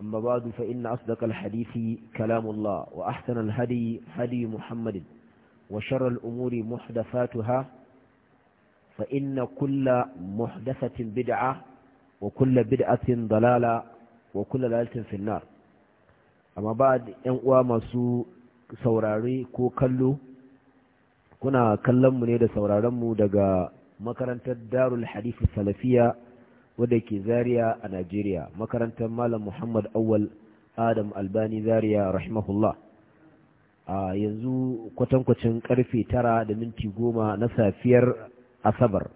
أما بعد فإن أصدق الحديث كلام الله وأحسن الهدي هدي محمد وشر الأمور محدثاتها فإن كل محدثة بدعة وكل بدعة ضلالة وكل ضلالة في النار أما بعد ينقوى masu saurare ko kallo kuna kallonmu ne da sauraronmu daga makarantar darul hadisi salafiya wadda ke zariya a Najeriya makarantar Malam Muhammad Awal Adam Albani zariya rahimahullah a yanzu kwatankwacin karfe tara da minti goma na safiyar Asabar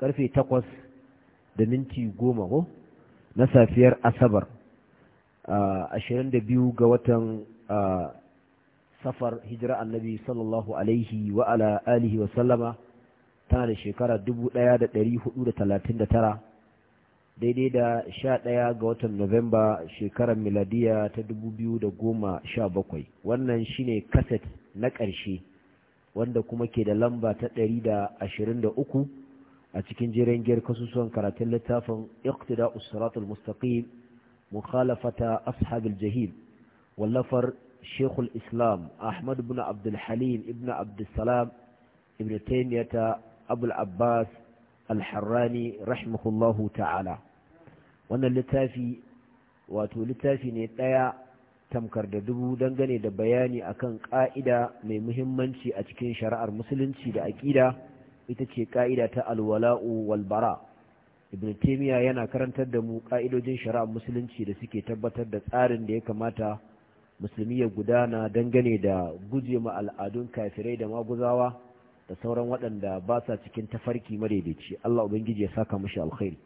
karfe takwas da minti goma ko na safiyar Asabar ashirin da biyu ga watan safar hijira annabi sallallahu alaihi wa ala alihi wa sallama tana da shekara tara, daidai da sha ɗaya ga watan Novemba shekarar miladiya ta da goma sha bakwai. wannan shine kaset na ƙarshe wanda kuma ke da lamba ta ɗari da da ashirin uku a cikin jiran giyar kasusuwan karatun littafin iqtida usratul mustaqim mukhalafata ashabil jahil wallafar shekul islam ahmad ibn abdulhalim ibn abdulsalam ibn taimiyata abul abbas alharrani rahimahullahu ta'ala wannan littafi wato littafi ne ɗaya tamkar da dubu dangane da bayani akan ƙa'ida mai muhimmanci a cikin shari'ar musulunci da aƙida ita ce ƙa'ida ta alwala'u walbara ibn taimiyya yana karantar da mu ƙa'idojin shari'ar musulunci da suke tabbatar da tsarin da ya kamata musulmi ya gudana dangane da guje ma al'adun kafirai da maguzawa da sauran waɗanda ba sa cikin tafarki madaidaici Allah ubangiji ya saka mushi alkhairi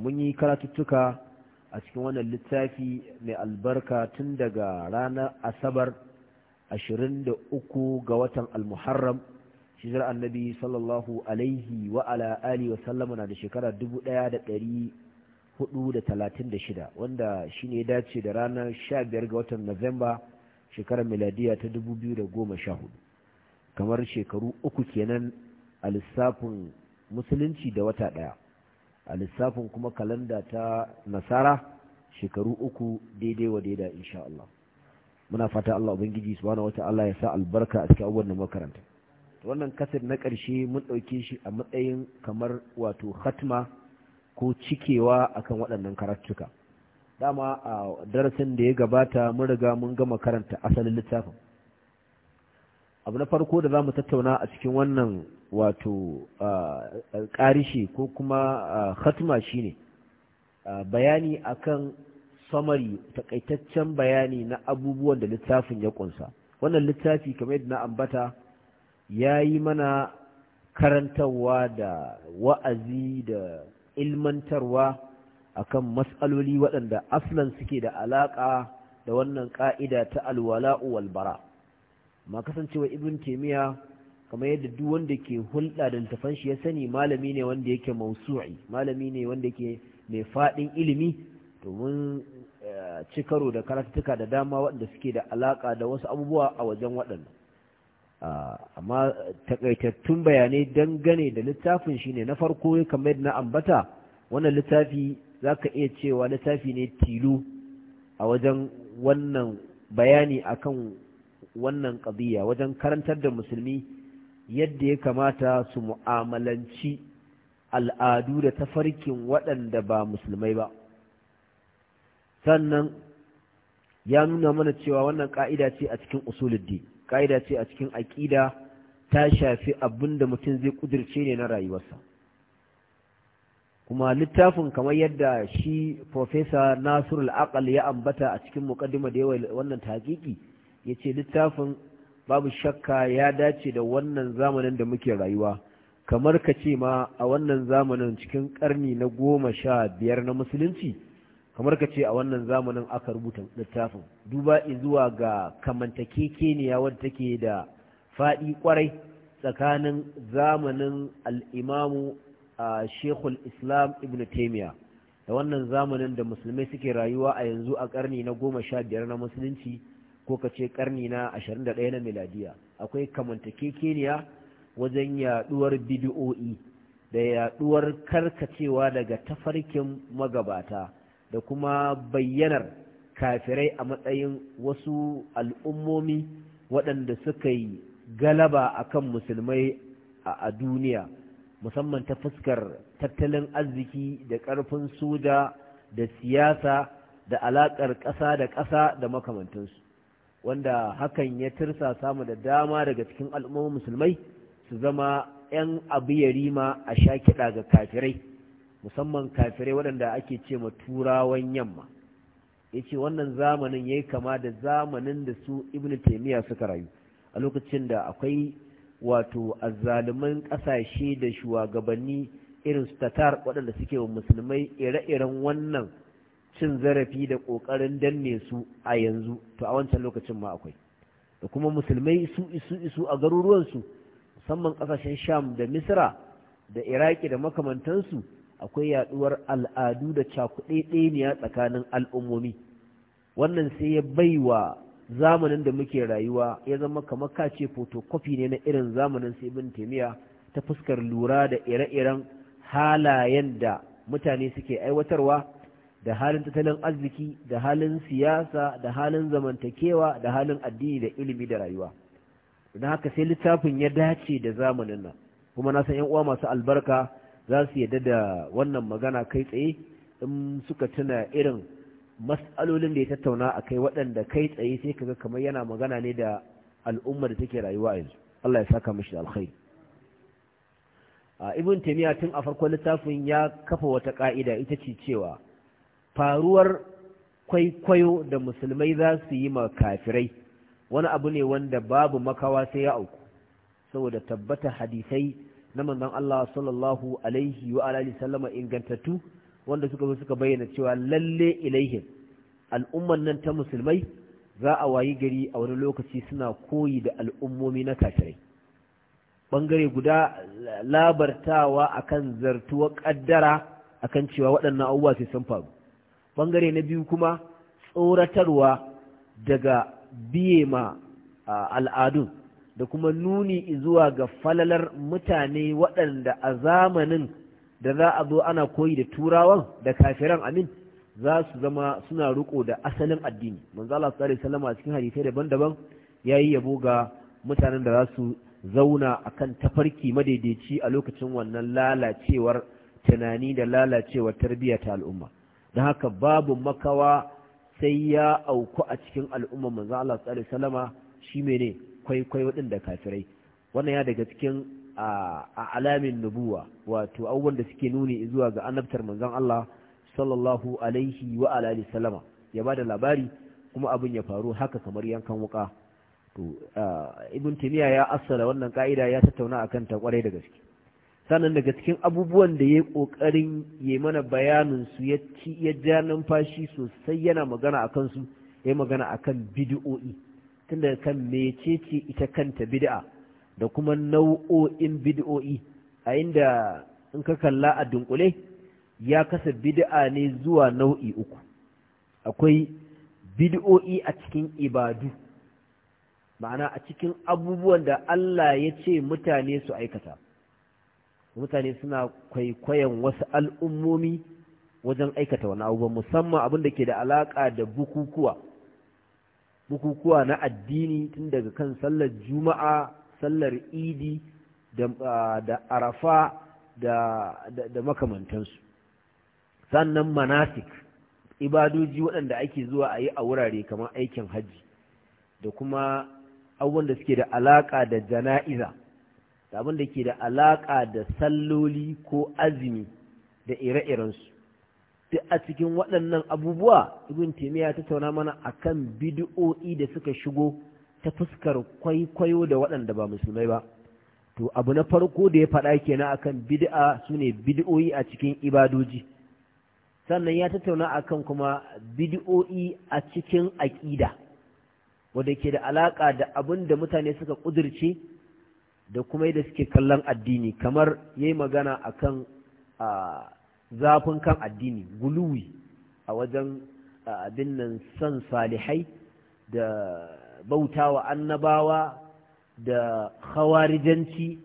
mun yi karatuttuka a cikin wannan littafi mai albarka tun daga ranar asabar 23 ga watan almuharram shigar annabi sallallahu alaihi wa ala alihi wa sallama na da shekara 1436 wanda shine ya dace da ranar 15 ga watan Nuwamba shekarar miladiya ta 2014 kamar shekaru uku kenan a lissafin musulunci da wata ɗaya a lissafin kuma kalanda ta nasara shekaru uku daidai wa daida insha Allah muna fata Allah ubangiji subhanahu wata'ala ya sa albarka a cikin abubuwan da makaranta wannan kasar na ƙarshe mun ɗauke shi a matsayin kamar wato hatma ko cikewa akan waɗannan karatuka dama a darasin da ya gabata mun riga mun gama karanta asalin littafin abu na farko da za mu tattauna a cikin wannan wato ƙarishe ko kuma shi ne bayani akan samari takaitaccen bayani na abubuwan da littafin ya kunsa wannan littafi kamar yadda na ambata ya yi mana karantarwa da wa'azi da ilmantarwa akan matsaloli waɗanda aslan suke da alaƙa da wannan ƙa'ida ta alwala'u walbara ma kasancewa ibn taimiya kamar yadda duk wanda ke hulɗa da littafan shi ya sani malami ne wanda yake mausu'i malami ne wanda yake mai faɗin ilimi domin eh, ci karo da karatuka da dama waɗanda suke da alaka da wasu abubuwa a wajen waɗanda ah, amma takaitattun bayanai dangane da littafin shine na farko kamar yadda na ambata wannan littafi za ka iya cewa littafi ne tilu a wajen wannan bayani akan wannan ƙabiya wajen karantar da musulmi yadda ya kamata su mu'amalanci al'adu da tafarkin waɗanda ba musulmai ba sannan ya nuna mana cewa wannan ƙa'ida ce a cikin usuluddi ƙa'ida ce a cikin aƙida ta shafi abin da mutum zai ƙudirce ne na rayuwarsa kuma littafin kamar yadda shi profesa nasiru al'aƙal ya ambata a cikin muƙaddima da yawa wannan taƙiƙi ya ce littafin babu shakka ya dace da wannan zamanin da muke rayuwa kamar ka ce ma a wannan zamanin cikin karni na goma sha biyar na musulunci kamar ka ce a wannan zamanin aka rubuta littafin duba zuwa ga kamantakekeniya wadda take da faɗi kwarai tsakanin zamanin al'imamu a shekul islam ibn taimiyya da wannan zamanin da musulmai suke rayuwa a yanzu a karni na goma sha biyar na musulunci ko ka ce karni na 21 na miladiya akwai kamantakekeniya wajen yaduwar bidiyo'i da yaduwar karkacewa daga tafarkin magabata da kuma bayyanar kafirai a matsayin wasu al'ummomi waɗanda suka yi galaba a kan musulmai a duniya musamman ta fuskar tattalin arziki da ƙarfin soja da siyasa da alaƙar ƙasa da ƙasa da makamantansu wanda hakan ya tirsa samu da dama daga cikin al'ummar musulmai su zama 'yan abu ya rima a sha kiɗa ga kafirai musamman kafirai waɗanda ake ce ma turawan yamma ya ce wannan zamanin ya yi kama da zamanin da su ibn taimiyya suka rayu a lokacin da akwai wato azzaluman ƙasashe da shugabanni irin su tatar waɗanda suke wa musulmai ire-iren wannan cin zarafi da ƙoƙarin danne su a yanzu to a wancan lokacin ma akwai da kuma musulmai su isu isu a garuruwansu musamman ƙasashen sham da misra da iraki da makamantansu akwai yaɗuwar al'adu da cakuɗeɗeniya tsakanin al'ummomi wannan sai ya bai wa zamanin da muke rayuwa ya zama kamar kace fotokofi ne na irin zamanin sai ibn taimiya ta fuskar lura da ire-iren halayen da mutane suke aiwatarwa da halin tattalin arziki da halin siyasa da halin zamantakewa da halin addini da ilimi da rayuwa don haka sai littafin ya dace da zamanin nan kuma na san 'yan uwa masu albarka za su yadda da wannan magana kai tsaye in suka tuna irin mas'alolin da ya tattauna a kai waɗanda kai tsaye sai kaga kamar yana magana ne da al'ummar da take rayuwa yanzu Allah ya saka mishi alkhairi ibn taymiya tun a farkon littafin ya kafa wata ka'ida ita ce cewa faruwar kwaikwayo da musulmai za su yi ma kafirai wani abu ne wanda babu makawa sai ya auku saboda tabbata hadisai na manzon Allah sallallahu alaihi wa alihi sallama ingantattu wanda suka zo suka bayyana cewa lalle ilaihim al'umman nan ta musulmai za a wayi gari a wani lokaci suna koyi da al'ummomi na kafirai bangare guda labartawa akan zartuwa kaddara akan cewa waɗannan abubuwa sai sun faru bangare na biyu kuma tsoratarwa daga biye ma al'adun da kuma nuni zuwa ga falalar mutane waɗanda a zamanin da za a zo ana koyi da turawan da kafiran amin za su zama suna riko da asalin addini manzo Allah sallallahu alaihi a cikin hadisai daban-daban yayi yabo ga mutanen da za su zauna akan tafarki madaidaici a lokacin wannan lalacewar tunani da lalacewar tarbiyya ta al'umma da haka babu makawa sai ya auku a cikin al'umma manzo Allah sallallahu alaihi wasallama shi mene kwaikwayo din da kafirai wannan ya daga cikin a alamin nubuwa wato abubuwan da suke nuni zuwa ga annabtar manzon Allah sallallahu alaihi wa alihi sallama ya bada labari kuma abin ya faru haka kamar yankan wuka to ibn timiya ya asala wannan ka'ida ya tattauna akan ta kwarai da gaske sannan daga cikin abubuwan da ya yi ƙoƙarin ya mana bayaninsu ya ci ya ja numfashi sosai yana magana a kansu ya yi magana a kan bidi'o'i tun daga kan mecece ita kanta bid'a da kuma nau'o'in bid'o'i a inda in ka kalla a dunkule ya kasa bid'a ne zuwa nau'i uku akwai bid'o'i a cikin ibadu ma'ana a cikin abubuwan da Allah ya ce mutane su aikata mutane suna kwaikwayon wasu al'ummomi wajen aikata wani abubuwan musamman abin da ke da alaƙa da bukukuwa bukukuwa na addini tun daga kan sallar juma'a sallar idi da arafa da makamantansu sannan manasik ibadoji waɗanda ake zuwa a yi a wurare kamar aikin hajji da kuma abubuwan da suke da alaƙa da jana'iza da abin da ke da alaƙa da salloli ko azumi da ire-irensu duk a cikin waɗannan abubuwa ibn taimiyya ta tauna mana akan bid'o'i da suka shigo ta fuskar kwaikwayo da waɗanda ba musulmai ba to abu na farko da ya faɗa kenan akan bid'a sune bid'o'i a cikin ibadoji sannan ya tattauna akan kuma bid'o'i a cikin aƙida wadda ke da alaƙa da abin da mutane suka ƙudurce da kuma yadda suke kallon addini kamar ya yi magana a kan zafin kan addini guluwi a wajen abin nan son salihai da bautawa annabawa da khawarijanci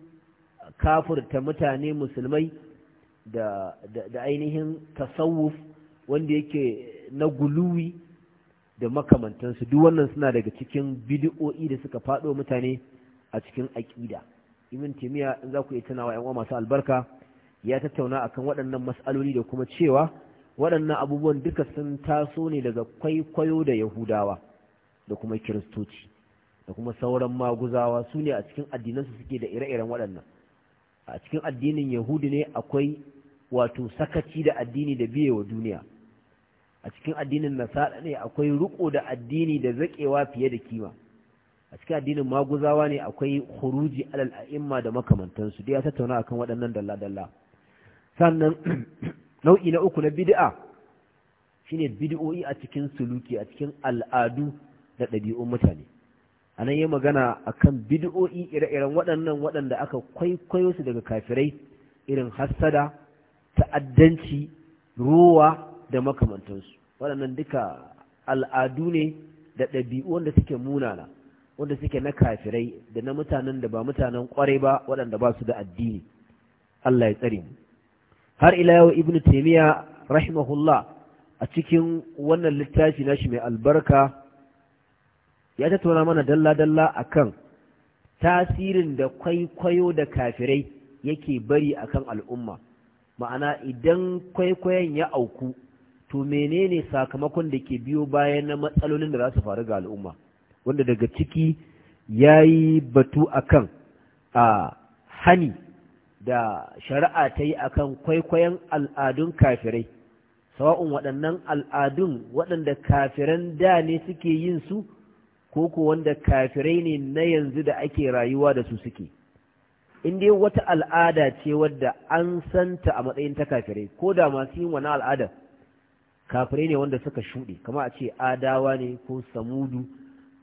kafurta mutane musulmai da, ainihin tasawuf wanda yake na guluwi da makamantansu duk wannan suna daga cikin bidi'o'i da suka faɗo mutane a cikin aƙida ibn timiya in za ku yi tunawa yan uwa masu albarka ya tattauna kan waɗannan mas'aloli da kuma cewa waɗannan abubuwan duka sun taso ne daga kwaikwayo da yahudawa da kuma kiristoci da kuma sauran maguzawa su ne a cikin addinansu suke da ire-iren waɗannan a cikin addinin yahudi ne akwai wato sakaci da addini da biye wa duniya a cikin addinin nasara ne akwai riko da addini da zaƙewa fiye da kima a cikin addinin maguzawa ne akwai huruji alal a'imma da makamantansu da ya tattauna akan waɗannan dalla-dalla sannan nau'i na uku na bid'a shine bid'o'i a cikin suluki a cikin al'adu da ɗabi'un mutane a nan yi magana akan bid'o'i ire-iren waɗannan waɗanda aka kwaikwayo su daga kafirai irin hassada ta'addanci ruwa da makamantansu waɗannan duka al'adu ne da ɗabi'u wanda suke munana wanda suke na kafirai da na mutanen da ba mutanen kwarai ba waɗanda ba su da addini Allah ya tsare mu har ila yau ibn taymiya rahimahullah a cikin wannan littafi nashi mai albarka ya tattauna mana dalla-dalla akan tasirin da kwaikwayo da kafirai yake bari akan al'umma ma'ana idan kwaikwayon ya auku to menene sakamakon da ke biyo bayan na matsalolin da za su faru ga al'umma wanda daga ciki ya yi batu akan a hani da shari'a ta yi akan kwaikwayon al'adun kafirai sawa'un waɗannan al'adun waɗanda kafiran da ne suke yin su ko ko wanda kafirai ne na yanzu da ake rayuwa da su suke in dai wata al'ada ce wadda an santa a matsayin ta kafirai ko da masu yin wani al'ada kafirai ne wanda suka shuɗe kama a ce adawa ne ko samudu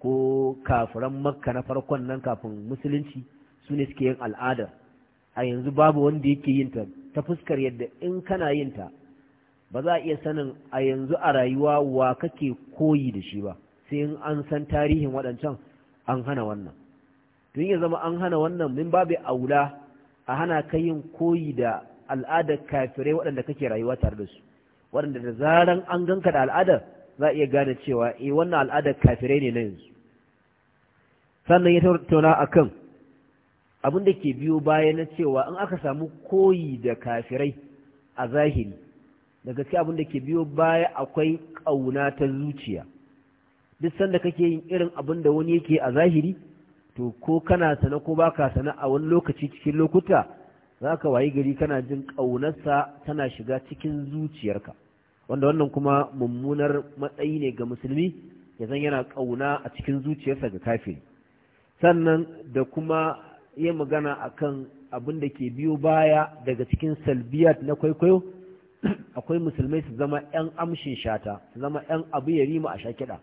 ko kafiran makka na farkon nan kafin musulunci su ne suke yin al'ada a yanzu babu wanda yake yin ta ta fuskar yadda in kana yin ta ba za a iya sanin a yanzu a rayuwa wa kake koyi da shi ba sai in an san tarihin waɗancan an hana wannan tun ya zama an hana wannan min babu aula a hana ka yin koyi da al'adar kafirai waɗanda kake rayuwa tare da su waɗanda da zaran an ganka da al'adar za a iya gane cewa eh wannan al'adar kafirai ne na yanzu sannan ya tattauna kan. abin da ke biyo baya na cewa in aka samu koyi da kafirai a zahiri da gaske abin da ke biyo baya akwai ƙauna ta zuciya duk sanda kake yin irin abin da wani yake a zahiri to ko kana sana ko baka sana a wani lokaci cikin lokuta za ka wayi gari kana jin ƙaunarsa tana shiga cikin zuciyarka wanda wannan kuma mummunar matsayi ne ga musulmi ya zan yana ƙauna a cikin zuciyarsa ga kafiri sannan da kuma yin magana akan abin da ke biyo baya daga cikin salbiyat na kwaikwayo akwai musulmai su zama 'yan amshin shata su zama 'yan abu ya rima a shakida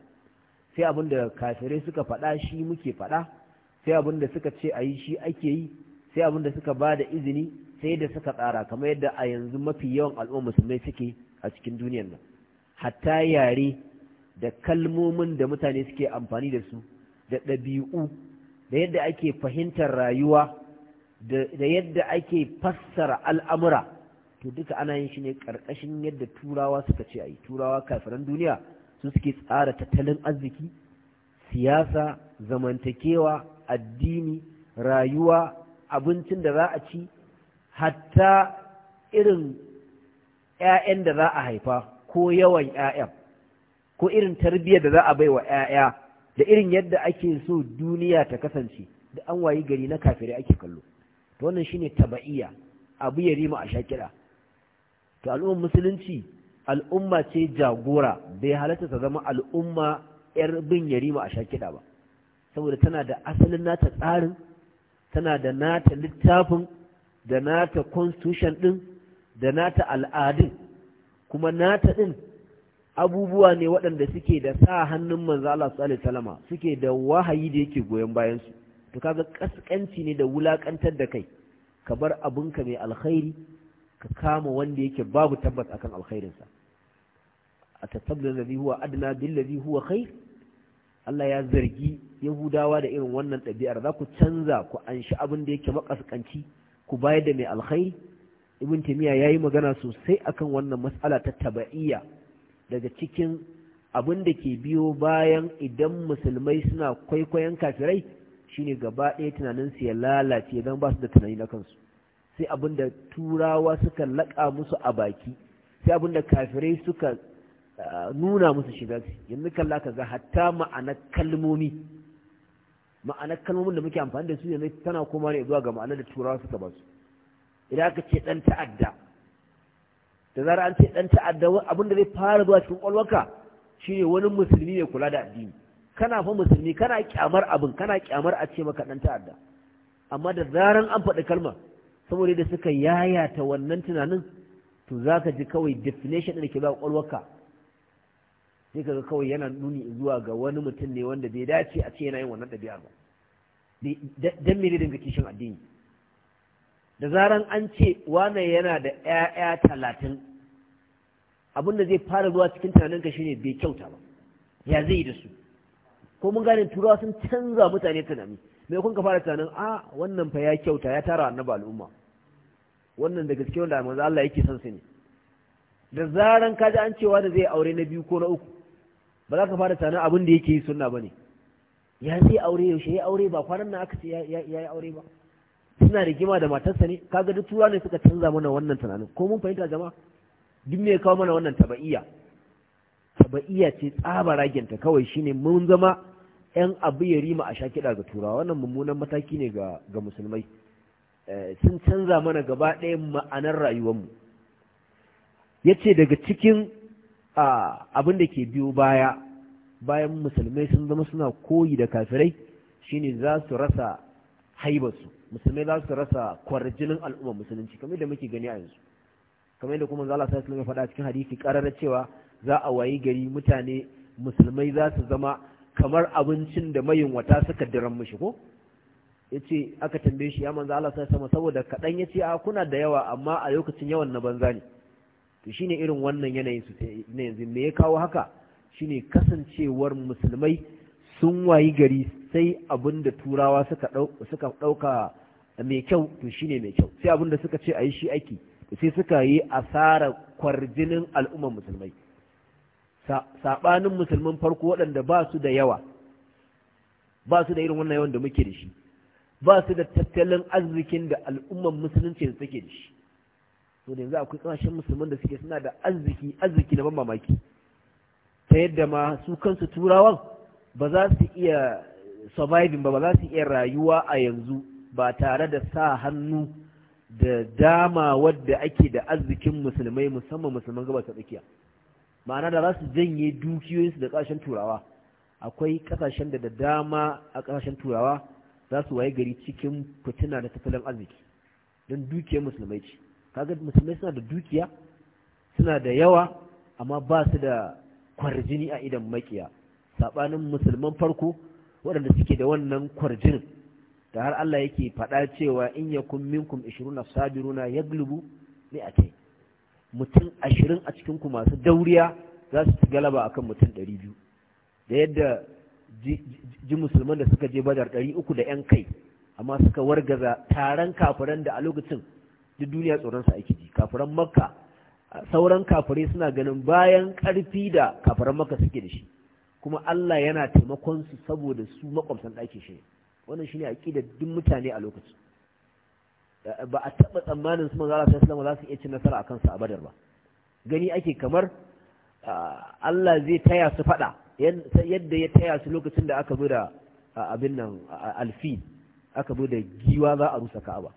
sai abin da kafirai suka faɗa shi muke faɗa sai abin da suka ce a yi shi ake yi sai abin da suka ba da izini sai da suka tsara kamar yadda a yanzu mafi yawan al'ummar musulmai suke a cikin duniyar nan hatta yare da kalmomin da mutane suke amfani da su da ɗabi'u da yadda ake fahimtar rayuwa da yadda ake fassara al'amura to duka ana yin shi ne ƙarƙashin yadda turawa suka ce a yi turawa kafiran duniya su suke tsara tattalin arziki siyasa zamantakewa addini rayuwa abincin da za a ci hatta irin ‘ya'yan da za a haifa ko yawan ‘ya'yan ko irin tarbiyyar da za a bai wa ‘ya'ya da irin yadda ake so duniya ta kasance da an wayi gari na kafirai ake kallo to wannan shine taba'iya, abu ya rima a shakira to al'ummar musulunci al'umma ce jagora bai halatta ta zama al'umma yar bin yarima a shakira ba saboda tana da asalin nata tsarin tana da nata littafin da nata constitution ɗin da nata al'adun kuma nata ɗin abubuwa ne waɗanda suke da sa hannun manzo Allah sallallahu alaihi wasallam suke da wahayi da yake goyon bayan su to kaga kaskanci ne da wulakantar da kai ka bar ka mai alkhairi ka kama wanda yake babu tabbas akan alkhairin a tattabla ladhi huwa adna bil ladhi huwa khair Allah ya zargi Yahudawa da irin wannan ɗabi'ar za ku canza ku anshi abin da yake makaskanci ku bayar da mai alkhairi ibn taymiya ya yi magana sosai akan wannan matsala ta taba'iyya daga cikin abin da ke biyo bayan idan musulmai suna kwaikwayon kafirai shine gaba ɗaya tunaninsu ya lalace don ba su da tunani na kansu sai abin da turawa suka laƙa musu a baki sai abin da kafirai suka nuna musu shiga su yanzu kalla ka ga hatta ma'anar kalmomi ma'anar kalmomin da muke amfani da su yanzu tana koma ne zuwa ga ma'anar da turawa suka ba su idan aka ce ɗan ta'adda da zara an ce ɗan ta'adda abin da zai fara zuwa cikin ƙwalwarka ne wani musulmi mai kula da addini kana fa musulmi kana kyamar abin kana kyamar a ce maka ɗan ta'adda amma da zaran an faɗi kalma saboda da suka yayata wannan tunanin to za ka ji kawai definition ɗin ke ba ƙwalwarka sai ka ga kawai yana nuni zuwa ga wani mutum ne wanda bai dace a ce yana yin wannan ɗabi'a ba dan me ne dinga kishin addini da zaran an ce wane yana da 'ya'ya talatin abin da zai fara zuwa cikin tunaninka shine bai kyauta ba ya zai yi da su ko mun gane turawa sun canza mutane tunani mai kun ka fara tunanin a wannan fa ya kyauta ya tara annaba al'umma wannan da gaske wanda manzo Allah yake son su ne da zaran ka ji an cewa da zai aure na biyu ko na uku ba za ka fara tunanin abin da yake yi sunna bane ya zai aure yaushe ya aure ba kwanan nan aka ce ya yi aure ba suna gima da matarsa ne ka duk tura ne suka canza mana wannan tunanin ko mun fahimta zama? duk me kawo mana wannan tabaiya tabaiya ce tsaba raginta kawai shine mun zama yan abu ya rima a sha kiɗa ga turawa wannan mummunan mataki ne ga ga musulmai eh, sun canza mana gaba ɗaya ma'anar rayuwarmu ya ce daga cikin abin da ke biyo baya bayan musulmai sun zama suna koyi da kafirai shine za su rasa haibarsu musulmai za su rasa kwarjinin al'ummar musulunci kamar da muke gani a yanzu kamar da kuma zala sallallahu alaihi faɗa cikin hadisi ƙarar cewa za a wayi gari mutane musulmai za su zama kamar abincin da mayunwata suka diran mishi ko ce aka tambaye shi ya manza Allah sai sama saboda kaɗan ya ce a kuna da yawa amma a lokacin yawan na banza ne to shine irin wannan yanayin su ne yanzu me ya kawo haka shine kasancewar musulmai sun wayi gari sai abin da turawa suka ɗauka mai kyau to shine mai kyau sai abin da suka ce a yi shi aiki sai suka yi asara kwarjinin al'ummar musulmai saɓanin musulman farko waɗanda ba su da yawa ba su da irin wannan yawan da muke da shi ba su da tattalin arzikin da al'ummar musulunci da suke da shi to da yanzu akwai ƙasashen musulman da suke suna da arziki arziki na ban mamaki ta yadda ma su kansu turawan ba za su iya surviving ba ba za su iya rayuwa a yanzu ba tare da sa hannu da dama wadda ake da arzikin musulmai musamman musulman gabata tsakiya ma'ana da za su janye dukiyoyinsu da ƙasashen turawa akwai ƙasashen da da dama a ƙasashen turawa za su waye gari cikin fitina da tattalin arziki don dukiyar musulmai ce kaga musulmai suna da dukiya suna da yawa amma ba su da kwarjini a idan makiya saɓanin musulman farko waɗanda suke da wannan kwarjin da har Allah yake faɗa cewa in ya kun minkum 20 sabiruna a kai? mutum ashirin a cikin ku masu dauriya za su ci galaba a kan mutum ɗari biyu. da yadda ji musulman da suka je badar uku da yan kai amma suka wargaza taron kafiran da a lokacin duk duniya tsoron sa ake ji kafiran makka sauran kafirai suna ganin bayan ƙarfi da kafiran makka suke da shi kuma Allah yana taimakon su saboda su makwabtan ɗakin shi wannan shi shine aqidar duk mutane a lokaci. ba a taɓa tsammanin su manzo Allah sallallahu za su iya cin nasara akan su a Badar ba gani ake kamar Allah zai taya su faɗa yadda ya taya su lokacin da aka zo da abin nan alfi aka zo da giwa za a rusa Ka'aba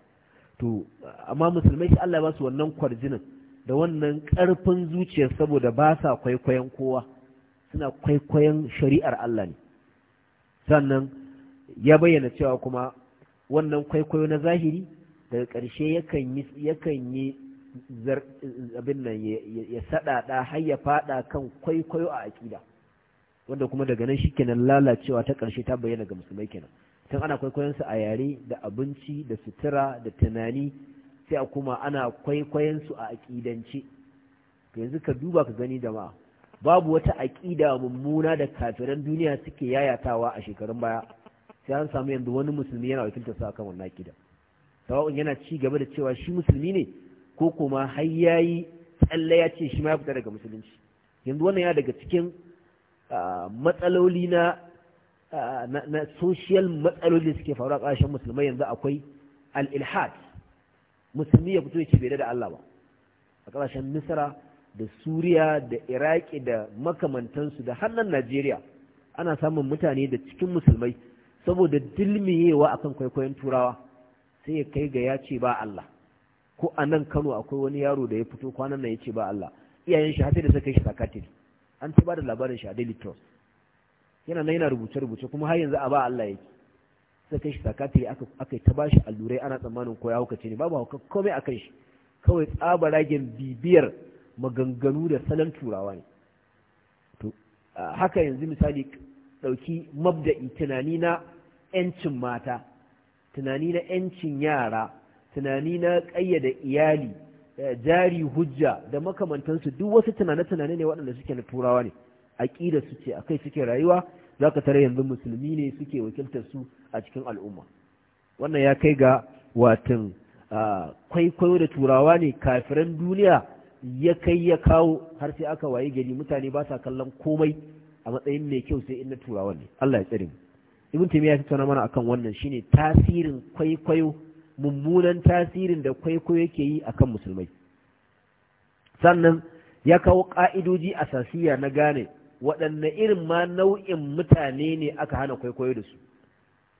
to amma musulmai shi Allah ya ba su wannan kwarjinin da wannan ƙarfin zuciyar saboda ba sa kwaikwayon kowa suna kwaikwayon shari'ar Allah ne sannan ya bayyana cewa kuma wannan kwaikwayo na zahiri daga ƙarshe yakan yi abin nan ya saɗaɗa har ya faɗa kan kwaikwayo a aƙida wanda kuma daga nan shi kenan lalacewa ta ƙarshe ta bayyana ga musulmai kenan tun ana kwaikwayonsu a yare da abinci da sutura da tunani sai a kuma ana kwaikwayonsu a aƙidance yanzu ka duba ka gani jama'a babu wata aƙida mummuna da kafiran duniya suke yayatawa a shekarun baya sai an samu yanzu wani musulmi yana wakiltar sa kan wannan aƙida sawa'un yana ci gaba da cewa shi musulmi ne ko kuma har yayi tsalle ya ce shi ma ya fita daga musulunci yanzu wannan ya daga cikin matsaloli na na social matsaloli suke faru a ƙasashen musulmai yanzu akwai al-ilhad musulmi ya fito ya ce bai da Allah ba a ƙasashen misra da suriya da iraki da makamantansu da hannun najeriya ana samun mutane da cikin musulmai saboda dilmiyewa akan kwaikwayon turawa sai ya kai ga ya ce ba Allah ko a nan kano akwai wani yaro da ya fito kwanan nan ya ce ba Allah iyayen shi hatta da suka shi sakatir an ta da labarin shi a daily trust yana nan yana rubuce rubuce kuma har yanzu a ba Allah yake suka kai shi Sakati aka aka ta bashi allurai ana tsammanin ko ya hukace ne babu hauka komai akan shi kawai tsabaragen bibiyar maganganu da salon turawa ne to haka yanzu misali ɗauki mabda'i tunani na 'yancin mata tunani na 'yancin yara tunani na ƙayyada iyali eh, jari hujja da makamantansu duk wasu tunane-tunane ne waɗanda suke na turawa ne aƙida su ce akai suke rayuwa za ka tare yanzu musulmi ne suke wakiltar su a cikin al'umma wannan ya kai ga watan kwaikwayo da turawa ne kafiran duniya ya kai ya kawo har sai aka waye gari mutane ba sa kallon komai a matsayin mai kyau sai in na turawa ne Allah ya tsare mu ibn taymiya ya tattauna mana akan wannan shine tasirin kwaikwayo mummunan tasirin da kwaikwayo yake yi akan musulmai sannan ya kawo ka'idoji asasiya na gane waɗanne irin ma nau'in mutane ne aka hana kwaikwayo da su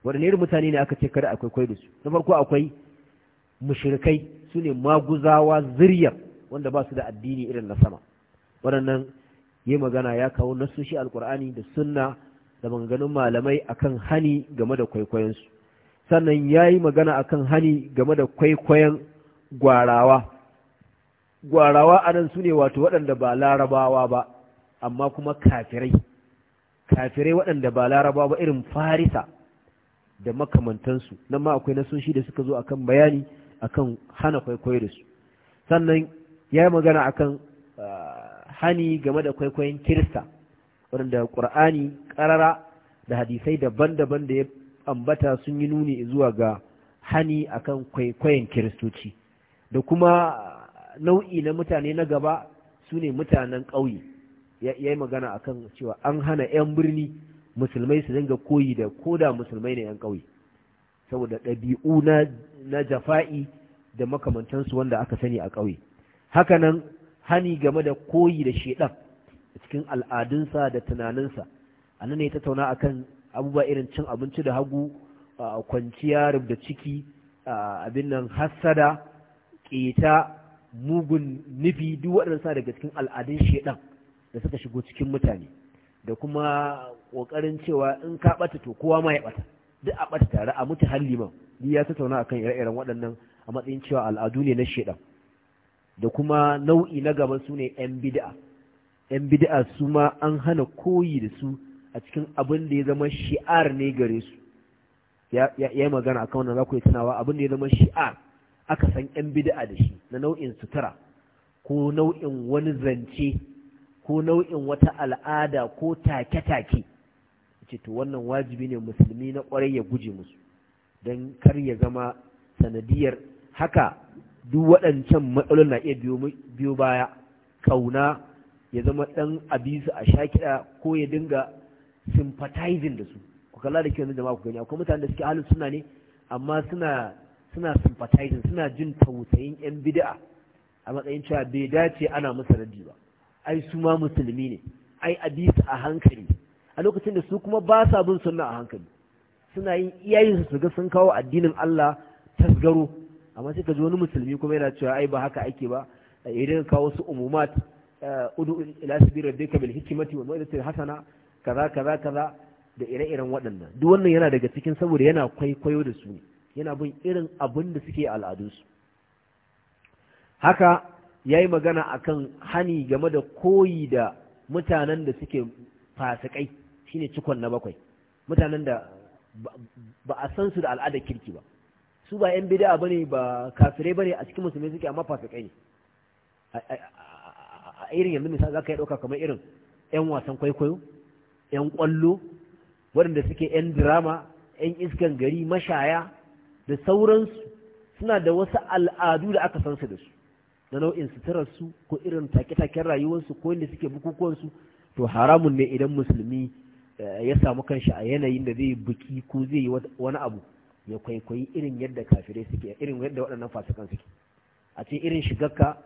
waɗanne irin mutane ne aka ce kada a kwaikwayo da su na farko akwai mushrikai sune maguzawa ziryar wanda ba su da addini irin na sama waɗannan yi magana ya kawo nasoshi alkur'ani da sunna da maganganun malamai akan hani game da kwaikwayonsu sannan ya yi magana akan hani game da kwaikwayon gwarawa gwarawa a nan su ne wato waɗanda ba larabawa ba amma kuma kafirai kafirai waɗanda ba larabawa ba irin farisa da makamantansu nan ma akwai nasoshi da suka zo akan bayani akan hana kwaikwayo da su sannan ya yi magana a kan ah, hani game da kwaikwayon kirista wadanda ƙur'ani ƙarara da hadisai daban-daban da ya ambata sun yi nuni zuwa ga hani a kan kwaikwayon kiristoci da kuma ah, nau'i na mutane na gaba su ne mutanen ƙauye ya yi magana a kan cewa an hana 'yan birni musulmai su dinga koyi da koda musulmai na 'yan ƙauye saboda ɗabi'u na jafa'i da makamantansu wanda aka sani a ƙauye hakanan hani game da koyi da shedan cikin al'adunsa da tunaninsa annan ne ta tauna akan abubuwa irin cin abinci da hagu kwanciya rubda ciki abin nan hassada ƙeta mugun nufi duk waɗansa daga cikin al'adun shedan da suka shigo cikin mutane da kuma ƙoƙarin cewa in ka ɓata to kowa ma ya ɓata duk a ɓata tare a mutu halliman ma ya tattauna akan ire-iren waɗannan a matsayin cewa al'adu ne na shedan da kuma nau'i na gaba su ne 'yan bid'a ‘yan bid'a su ma an hana koyi da su a cikin abin da ya zama shi'ar ne gare su ya yi magana akan wannan za ku yi tunawa abin da ya zama shi'ar aka san ‘yan bid'a da shi na nau'in sutura ko nau'in wani zance ko nau'in wata al'ada ko take-take ce to wannan wajibi ne musulmi na kwarai ya guje musu don kar ya zama sanadiyar haka duk waɗancan matsalolin na iya biyo baya kauna ya zama ɗan abisu a sha kiɗa ko ya dinga sympathizing da su ku kalla da kyau jama'a ku gani akwai mutane da suke halin suna ne amma suna suna sympathizing suna jin tausayin yan bid'a a matsayin cewa bai dace ana musu raddi ba ai su ma musulmi ne ai abisu a hankali a lokacin da su kuma ba sa bin sunna a hankali suna yin iyayensu su ga sun kawo addinin Allah tasgaro amma sai ka ji wani musulmi kuma yana cewa ai ba haka ake ba idan ka kawo su umumat eh, udu ila da ka bil hikmati wal hasana kaza kaza kaza da ire-iren waɗannan duk wannan yana daga cikin saboda yana kwaikwayo da su ne yana bin irin abin da suke al'adunsu haka ya yi magana akan hani game da koyi da mutanen da suke fasikai shine cikon na bakwai mutanen da ba a san su da al'adar kirki ba su ba yan bid'a ne ba kafirai ne a cikin musulmi suke amma fasikai ne a irin yanzu misali zaka yi ɗauka kamar irin yan wasan kwaikwayo yan kwallo waɗanda suke yan dirama yan iskan gari mashaya da sauransu suna da wasu al'adu da aka san su da su na nau'in suturarsu ko irin take-taken rayuwarsu ko inda suke su to haramun ne idan musulmi eh, ya samu kanshi a yanayin da zai buki ko zai yi wani abu ya kwaikwayi irin yadda kafirai suke irin yadda waɗannan fasikan suke a ce irin shigarka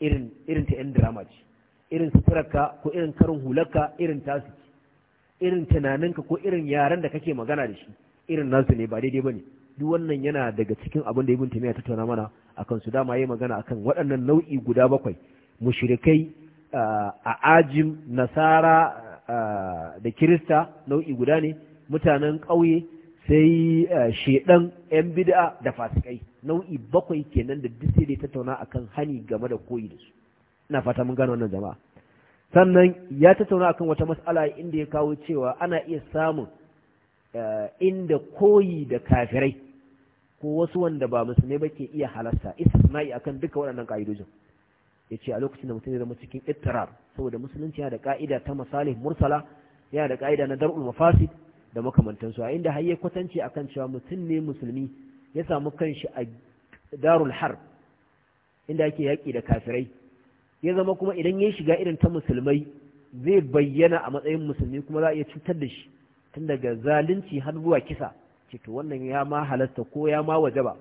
irin irin ta 'yan drama ce irin suturarka ko irin karin hularka irin tasu ce irin tunaninka ko irin yaren da kake magana da shi irin nasu ne ba daidai ba ne duk wannan yana daga cikin abin da ibn ta tattauna mana a kan su dama yi magana akan waɗannan nau'i guda bakwai mushirikai a ajim nasara da kirista nau'i guda ne mutanen ƙauye sai eh, shedan yan bid'a da fasikai nau'i bakwai kenan da duk sai dai tattauna akan hani game da koyi da su ina fata mun gano wannan jama'a sannan ya tattauna akan wata mas'ala inda ya kawo cewa ana iya samun eh, inda koyi da kafirai ko wasu wanda ba musulmai ba ke iya halasta istisna'i akan duka waɗannan ka'idojin ya ce a lokacin da mutum ya zama cikin ittirar saboda musulunci yana da ka'ida ta masalih mursala yana da ka'ida na dar'ul mafasid da makamantansu a inda har ya a kan cewa mutum ne musulmi ya samu kanshi a darul harb inda ake yaƙi da kafirai ya zama kuma idan ya shiga irin ta musulmai zai bayyana a matsayin musulmi kuma za a iya cutar da shi tun daga zalunci har zuwa kisa ce to wannan ya ma halasta ko ya ma wajaba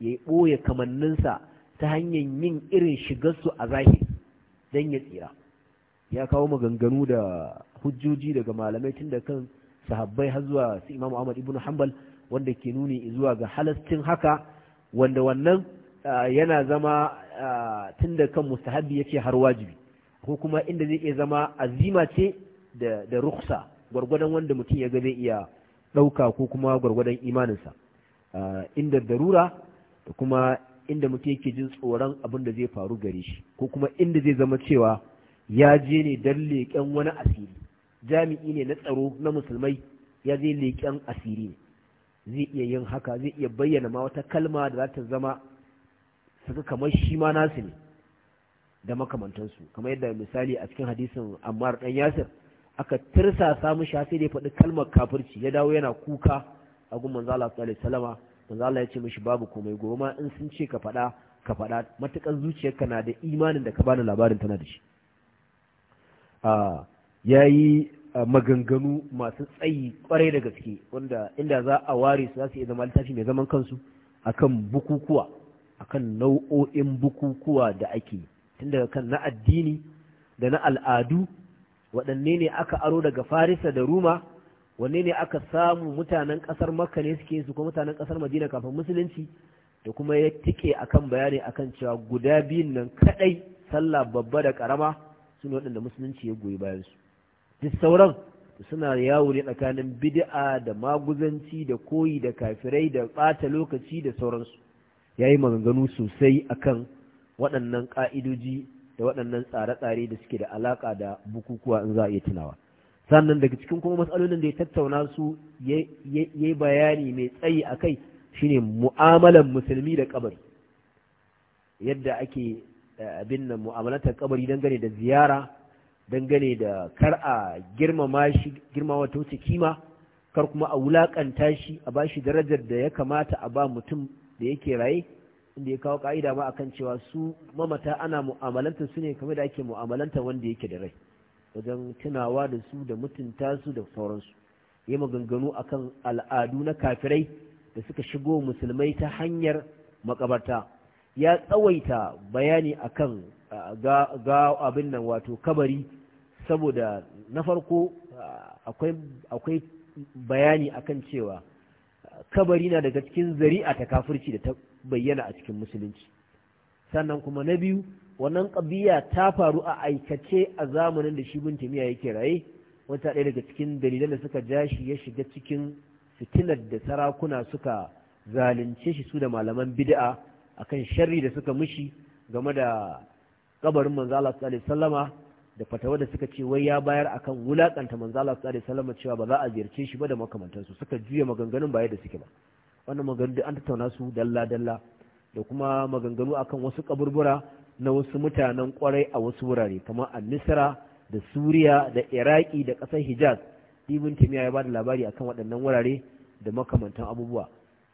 ya ɓoye kamanninsa ta hanyar yin irin shigarsu a zahiri don ya tsira ya kawo maganganu da hujjoji daga malamai tun da kan sahabbai har zuwa su imamu ahmad ibn hanbal wanda ke nuni zuwa ga halascin haka wanda wannan yana zama tun da kan mustahabi yake har wajibi ko kuma inda zai iya zama azima ce da ruksa gwargwadon wanda mutum ya ga zai iya ɗauka ko kuma gwargwadon imaninsa inda darura da kuma inda mutum yake jin tsoron abin da zai faru gare shi ko kuma inda zai zama cewa ya je ne dan leƙen wani asiri jami'i ne na tsaro na musulmai ya zai leƙen asiri ne zai iya yin haka zai iya bayyana ma wata kalma da za ta zama suka kamar shi ma nasu ne da makamantansu kamar yadda misali a cikin hadisin ammar dan yasir aka tirsasa mishi sai da ya faɗi kalmar kafirci ya dawo yana kuka a gun manzo Allah sallallahu alaihi wasallama manzo ya ce mashi babu komai gobe ma in sun ce ka faɗa ka faɗa matukan zuciyarka na da imanin da ka bani labarin tana da shi ah, ya yi ah, maganganu masu tsayi kwarai da gaske wanda inda za a ware su za su iya zama littafi mai zaman kansu akan bukukuwa akan nau'o'in bukukuwa da ake tun daga kan na addini da na al'adu waɗanne ne aka aro daga farisa da ruma wanne ne aka samu mutanen ƙasar makka ne suke su kuma mutanen ƙasar madina kafin musulunci da kuma ya tike akan bayani akan cewa guda biyun nan kaɗai sallah babba da ƙarama su waɗanda musulunci ya goyi bayansu duk sauran suna yawuri tsakanin bid'a da maguzanci da koyi da kafirai da ɓata lokaci da sauransu ya yi maganganu sosai akan waɗannan ƙa'idoji da waɗannan tsare-tsare da suke da alaƙa da bukukuwa in za a iya tunawa sannan daga cikin kuma matsalolin da ya tattauna su ya yi bayani mai tsayi a kai shine mu'amalan musulmi da kabari yadda ake eh, abin nan mu'amalatar kabari dangane da ziyara dangane da kar a girmama shi girmama ta wuce kima kar kuma a wulaƙanta shi a ba shi darajar da ya kamata a ba mutum da yake raye inda ya kawo ƙa'ida ma akan cewa su mamata ana mu'amalanta su ne kamar da ake mu'amalanta wanda yake da rai wajen tunawa da su da mutunta su da sauransu ya maganganu akan al'adu na kafirai da suka shigo musulmai ta hanyar makabarta ya tsawaita bayani akan ga abin nan wato kabari saboda na farko akwai bayani akan cewa kabari na daga cikin zari'a ta kafirci da ta bayyana a cikin musulunci sannan kuma na biyu wannan ƙabiya ta faru a aikace a zamanin da shi bin miya yake raye wata ɗaya daga cikin dalilan da suka ja shi ya shiga cikin fitinar da sarakuna suka zalunce shi su da malaman bid'a akan sharri da suka mushi game da kabarin manzo Allah sallallahu alaihi wasallama da fatawa da suka ce wai ya bayar akan wulakanta manzo Allah sallallahu alaihi wasallam cewa ba za a ziyarce shi ba da makamantansu suka juya maganganun ba da suke ba wannan maganganu an tattauna su dalla dalla da kuma maganganu akan wasu kaburbura na wasu mutanen kwarai a wasu wurare kamar a Misra da Suriya da Iraki da ƙasar Hijaz Ibn timiya ya bada labari akan waɗannan wurare da makamantan abubuwa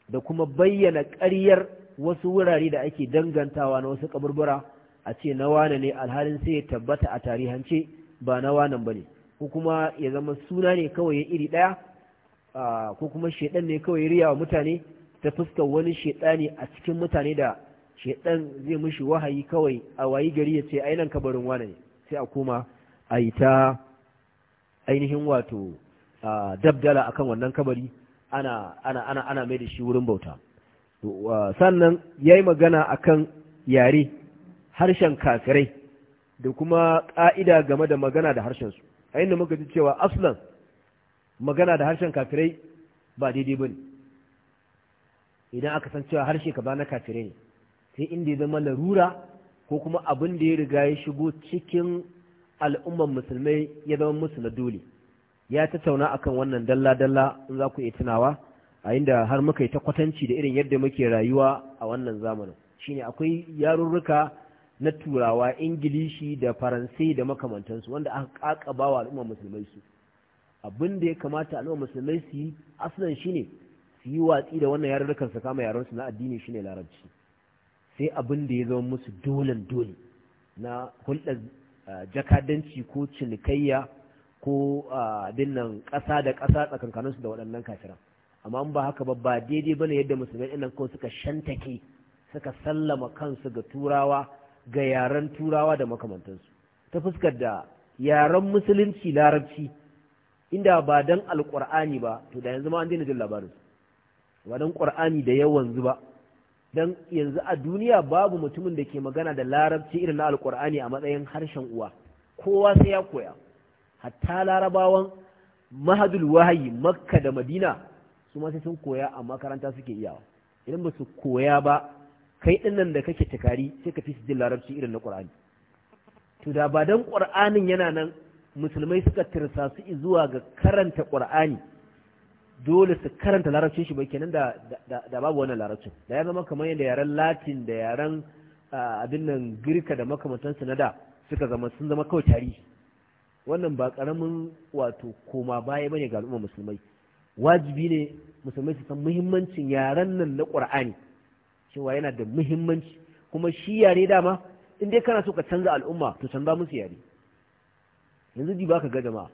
da kuma bayyana ƙaryar wasu wurare da ake dangantawa na wasu kaburbura a ce na wane ne alhalin sai ya tabbata a tarihance ba na wane ba ne ko kuma ya zama suna ne kawai iri ɗaya ko kuma shaidan ne kawai riya wa mutane ta fuska wani ne a cikin mutane da shaidan zai mushi wahayi kawai a wayi gari ya ce ainihin kabarin wane ne sai a koma a yi ta ainihin wato dabdala kan wannan kabari ana mai da shi wurin bauta sannan ya yi magana akan yare harshen kafirai da kuma ƙa'ida game da magana da harshensu a inda muka ji cewa aslan magana da harshen kafirai ba daidai ba ne idan aka san cewa harshe ka ba na kafirai ne sai inda ya zama larura ko kuma abin da ya riga ya shigo cikin al'umman musulmai ya zama musu na dole ya tattauna akan wannan dalla-dalla in za ku iya tunawa a inda har muka yi ta kwatanci da irin yadda muke rayuwa a wannan zamanin shine akwai yarurruka na turawa ingilishi da faransai da makamantansu wanda aka ba wa al'ummar musulmai su abin da ya kamata al'ummar musulmai su yi asalin shi ne su yi watsi da wannan yarurrukan su kama yarensu na addini ne larabci sai abin da ya zama musu dolen dole na hulɗa jakadanci ko cinikayya ko dinnan ƙasa da ƙasa tsakankaninsu da waɗannan kafiran amma ba haka ba ba daidai bane yadda musulmai ɗin nan ko suka shantake suka sallama kansu ga turawa ga yaren turawa da makamantansu ta fuskar da yaren musulunci larabci inda ba dan alƙur'ani ba to da yanzu ma an daina jin labarin ba dan ƙur'ani da yawan ba dan yanzu a duniya babu mutumin da ke magana da larabci irin na alƙur'ani a matsayin harshen uwa kowa sai ya koya hatta larabawan mahadul wahayi makka da madina su ma sai sun koya a makaranta suke iyawa idan ba su koya ba kai nan da kake takari, sai ka fi su jin larabci irin na qur'ani to da ba dan qur'anin yana nan musulmai suka tirsa su zuwa ga karanta qur'ani dole su karanta larabcin shi bai kenan da da babu wannan larabcin da ya zama kamar yadda yaren latin da yaren abin nan girka da su na da suka zama sun zama kawai tarihi wannan ba karamin wato koma baya bane ga al'umma musulmai wajibi ne musulmai su san muhimmancin yaren nan na qur'ani cewa yana da muhimmanci kuma shi yare dama in dai kana so ka canza al'umma to canza musu yare yanzu ji ba ga jama'a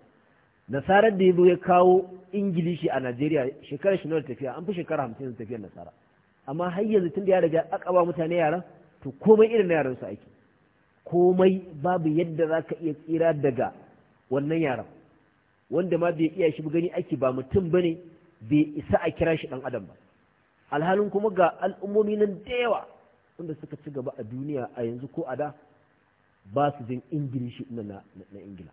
nasarar da ya zo ya kawo ingilishi a najeriya shekarar shi nawa tafiya an fi shekara hamsin da tafiyar nasara amma har yanzu tun da ya riga aka ba mutane yaran to komai irin na yaran su ake komai babu yadda za ka iya tsira daga wannan yaran wanda ma bai iya shi gani aiki ba mutum bane bai isa a kira shi dan adam ba alhalin kuma ga al'ummomi nan da yawa wanda suka ci gaba a duniya a yanzu ko a da ba su jin ingilishi na, na, ingila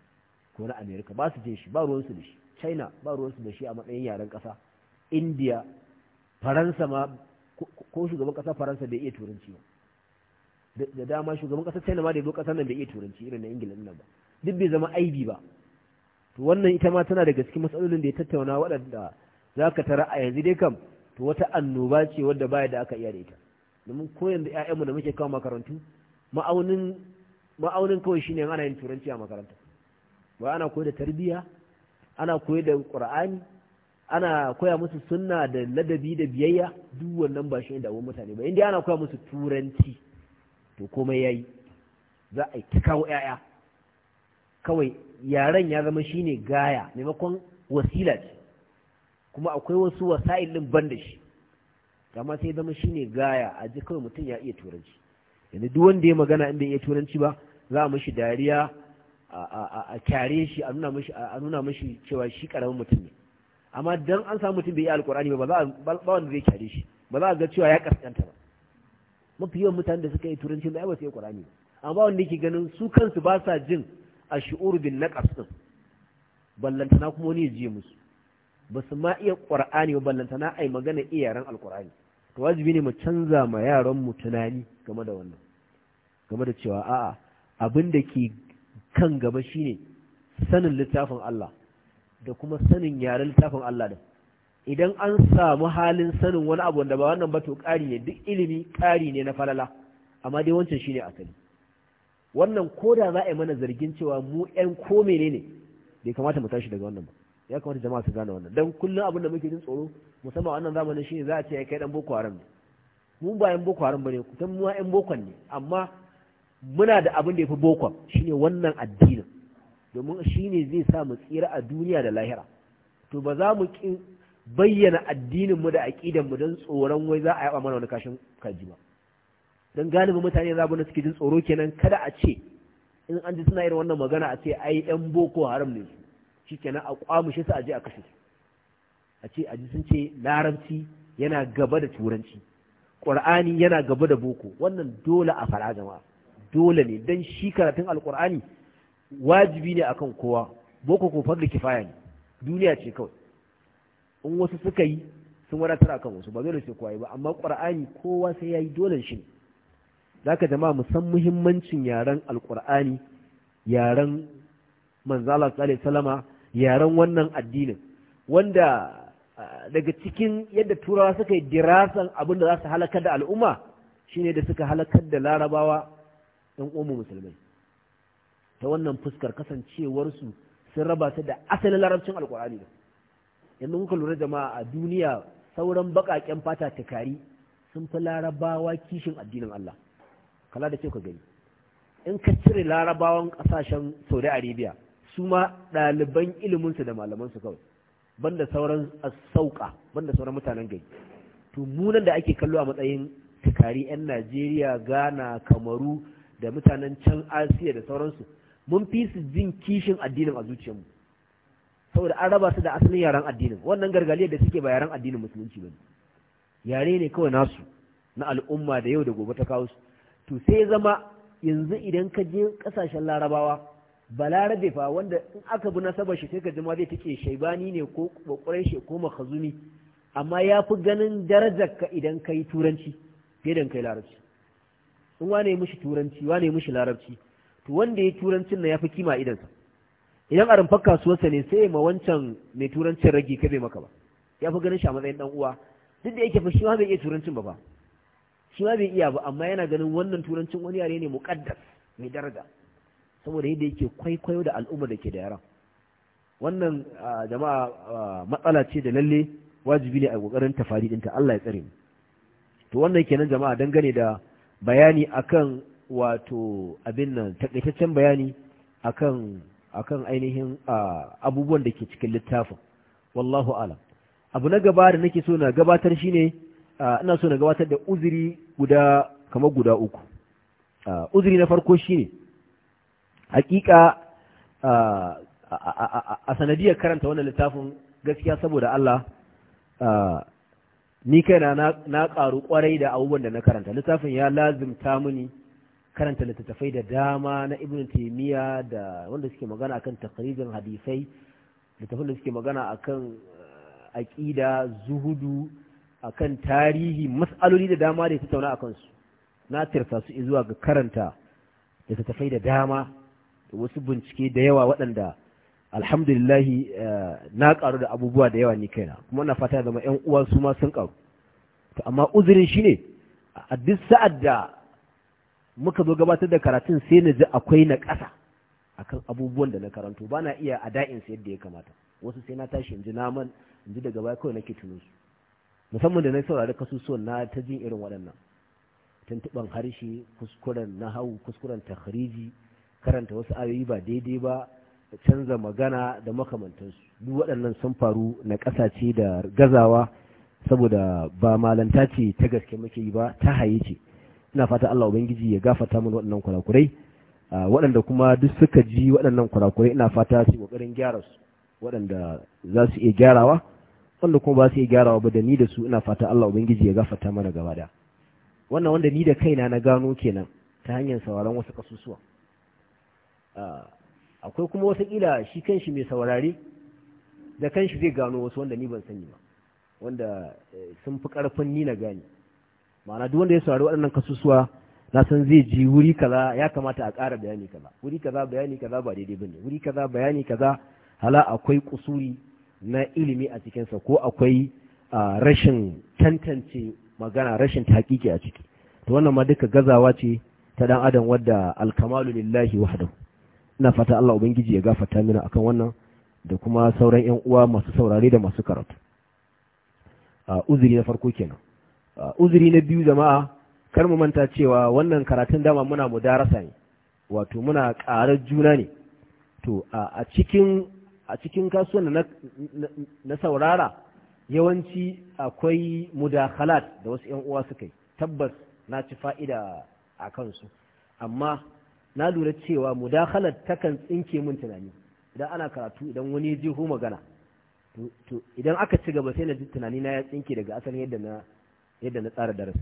ko na amerika ba su jin shi ba ruwansu da shi china ba ruwansu da shi a matsayin yaren ƙasa india faransa ma ko shugaban ƙasa faransa bai iya turanci ba da dama shugaban kasa china ma da zo ƙasar nan bai iya turanci irin na ingila nan ba duk bai zama aibi ba to wannan ita ma tana daga cikin matsalolin da ya tattauna waɗanda za ka tara a yanzu dai kam to wata annoba ce wadda baya da aka iya da ita domin ko yanzu 'ya'yanmu da muke kawo makarantu ma'aunin ma'aunin kawai shine ana yin turanci a makaranta ba ana koyar da tarbiyya ana koyar da qur'ani ana koya musu sunna da ladabi da biyayya duk wannan ba shi inda mutane ba inda ana koya musu turanci to komai yayi za a yi kawo 'ya'ya kawai yaren ya zama shine gaya maimakon wasila ce kuma akwai wasu wasa'il din ban da shi amma sai zama shine gaya a ji kawai mutum ya iya turanci yanzu duk wanda ya magana in bai turanci ba za a mashi dariya a kyare shi a nuna mashi cewa shi karamin mutum ne amma dan an samu mutum bai yi alkur'ani ba ba wanda zai kyare shi ba za a ga cewa ya kaskanta ba mafi yawan mutanen da suka yi turanci ba ba su yi alkur'ani ba amma wanda yake ganin su kansu ba sa jin a shi'ur bin naqas din ballantana kuma wani ya ji musu ba su ma iya ƙwar'ani ba ballanta na ai magana iya yaran alƙwar'ani to wajibi ne mu canza ma yaran mu tunani game da wannan game da cewa a'a abin da ke kan gaba shine sanin littafin Allah da kuma sanin yaren littafin Allah da idan an samu halin sanin wani abu wanda ba wannan ba to ƙari ne duk ilimi ƙari ne na falala amma dai wancan shine asali wannan koda za a yi mana zargin cewa mu 'yan ko menene bai kamata mu tashi daga wannan ba ya kamata jama'a su gane wannan dan kullum abin da muke jin tsoro musamman wannan zamanin shine za a ce kai dan boko haram ne mu ba yan boko haram bane kusan mu yan bokon ne amma muna da abin da yafi boko shine wannan addinin domin shine zai sa mu tsira a duniya da lahira to ba za mu ki bayyana addinin mu da aqidan mu dan tsoron wai za a yaba mana wani kashin kaji ba dan galibin mutane za na suke jin tsoro kenan kada a ce in an ji suna irin wannan magana a ce ai yan boko haram ne shikenan a kwamushe su aje a kashe su a ce aji sun ce larabci yana gaba da turanci ƙur'ani yana gaba da boko wannan dole a fara jama'a dole ne don shi karatun alqur'ani wajibi ne akan kowa boko ko fadli kifaya ne duniya ce kawai in wasu suka yi sun wadatar akan wasu ba dole sai kowa yi ba amma ƙur'ani kowa sai yayi dole shi ne zaka jama'a mu san muhimmancin yaren alqur'ani yaren manzala sallallahu alaihi yaren wannan addinin wanda daga cikin yadda turawa suka yi dirasan abin da za su halakar da al'umma shine da suka halakar da larabawa ɗan umu musulmai ta wannan fuskar kasancewarsu sun raba su da asalin larabcin alkur'ani yanzu muka lura jama'a a duniya sauran baƙaƙen fata Kari sun fi larabawa kishin addinin Allah kala da ce ka gani in ka cire larabawan ƙasashen saudi arabia su ma ɗaliban iliminsu da malamansu kawai banda sauran sauka banda sauran mutanen gari to munan da ake kallo a matsayin tukari 'yan najeriya ghana kamaru da mutanen can asiya da sauransu mun fi su jin kishin addinin a zuciyarmu saboda an raba su da asalin yaren addinin wannan gargaliyar da suke ba yaren addinin musulunci ba yare ne kawai nasu na al'umma da yau da gobe ta kawo su to sai zama yanzu idan ka je ƙasashen larabawa balarabe fa wanda in aka bi nasabar shi sai ka ji ma zai take shaibani ne ko kokorai shi ko makhazumi amma ya fi ganin darajar ka idan kai turanci fiye da kai larabci in wane mishi turanci wane mishi larabci to wanda ya turancin nan ya fi kima idan sa idan a rumfar kasuwarsa ne sai ma wancan mai turancin rage ka bai maka ba ya fi ganin shi a matsayin dan uwa duk da yake fa shi ma bai iya turancin ba ba shi ma bai iya ba amma yana ganin wannan turancin wani yare ne muqaddas mai daraja saboda yadda yake kwaikwayo da al'umma da ke da yaran wannan jama'a matsala ce da lalle wajibi ne a kokarin tafari dinta Allah ya tsare mu to wannan kenan jama'a dangane da bayani akan wato abin nan takaitaccen bayani akan akan ainihin abubuwan da ke cikin littafin wallahu alam abu na gaba da nake so na gabatar shine ina so na gabatar da uzuri guda kamar guda uku uzuri na farko shine hakika a sanadiyar karanta wannan littafin gaskiya saboda Allah ni kaina na karu kwarai da abubuwan da na karanta littafin ya lazimta mini karanta littattafai da dama na ibn taymiya da wanda suke magana akan taqrijin hadisai littafin da suke magana akan aqida zuhudu akan tarihi mas'aloli da dama da ya tattauna akan su na tirsa su zuwa ga karanta littattafai da dama wasu bincike da yawa waɗanda alhamdulillahi eh, na ƙaru da abubuwa da yawa ni kaina kuma na fata zama ‘yan uwa su ma sun karu. to amma uzurin shi ne a duk sa'ad da muka zo gabatar da karatun sai na ji akwai na ƙasa akan abubuwan da na karanto ba na iya ada'in sai yadda ya kamata wasu sai na tashi in ji na man in ji daga baya kawai nake tuno su musamman da na saurari kasusuwan na ta jin irin waɗannan tuntuɓan harshe kuskuren nahawu kuskuren tahriji karanta wasu ayoyi ba daidai ba da canza magana da makamantansu duk waɗannan sun faru na ƙasashe da gazawa saboda ba malanta ce ta gaske muke yi ba ta haye ce ina fata Allah ubangiji ya gafata mana waɗannan kurakurai waɗanda kuma duk suka ji waɗannan kurakurai ina fata su ƙoƙarin gyara su waɗanda za su iya gyarawa wanda kuma ba su iya gyarawa ba da ni da su ina fata Allah ubangiji ya gafata mana gaba da wannan wanda ni da kaina na gano kenan ta hanyar sauraron wasu kasusuwa akwai kuma kila shi kanshi mai saurari da kanshi zai gano wasu wanda ni ban sani ba wanda eh, sun fi ƙarfin ni na gane ma'ana duk wanda ya saurari waɗannan kasusuwa na san zai ji wuri kaza ya kamata a ƙara bayani kaza wuri kaza bayani kaza ba daidai bane wuri kaza bayani kaza hala akwai kusuri na ilimi a cikinsa ko akwai rashin tantance magana rashin taƙiƙi a ciki to wannan ma duka gazawa ce ta dan adam wadda alkamalu lillahi wahdahu ina fata Allah ubangiji ya gafata mini akan wannan da kuma sauran yan uwa masu saurare da masu karatu uzuri na farko kenan uzuri na biyu jama'a kar mu manta cewa wannan karatun dama muna darasa ne wato muna ƙarar juna ne to a cikin a kasuwan na, saurara yawanci akwai mudakhalat da wasu 'yan uwa suka yi tabbas na ci fa'ida a kansu amma na lura cewa mudakhalar takan tsinke mun tunani idan ana karatu idan wani ji magana to idan aka ci gaba sai na ji tunani na ya tsinke daga asalin yadda na yadda na tsara darasi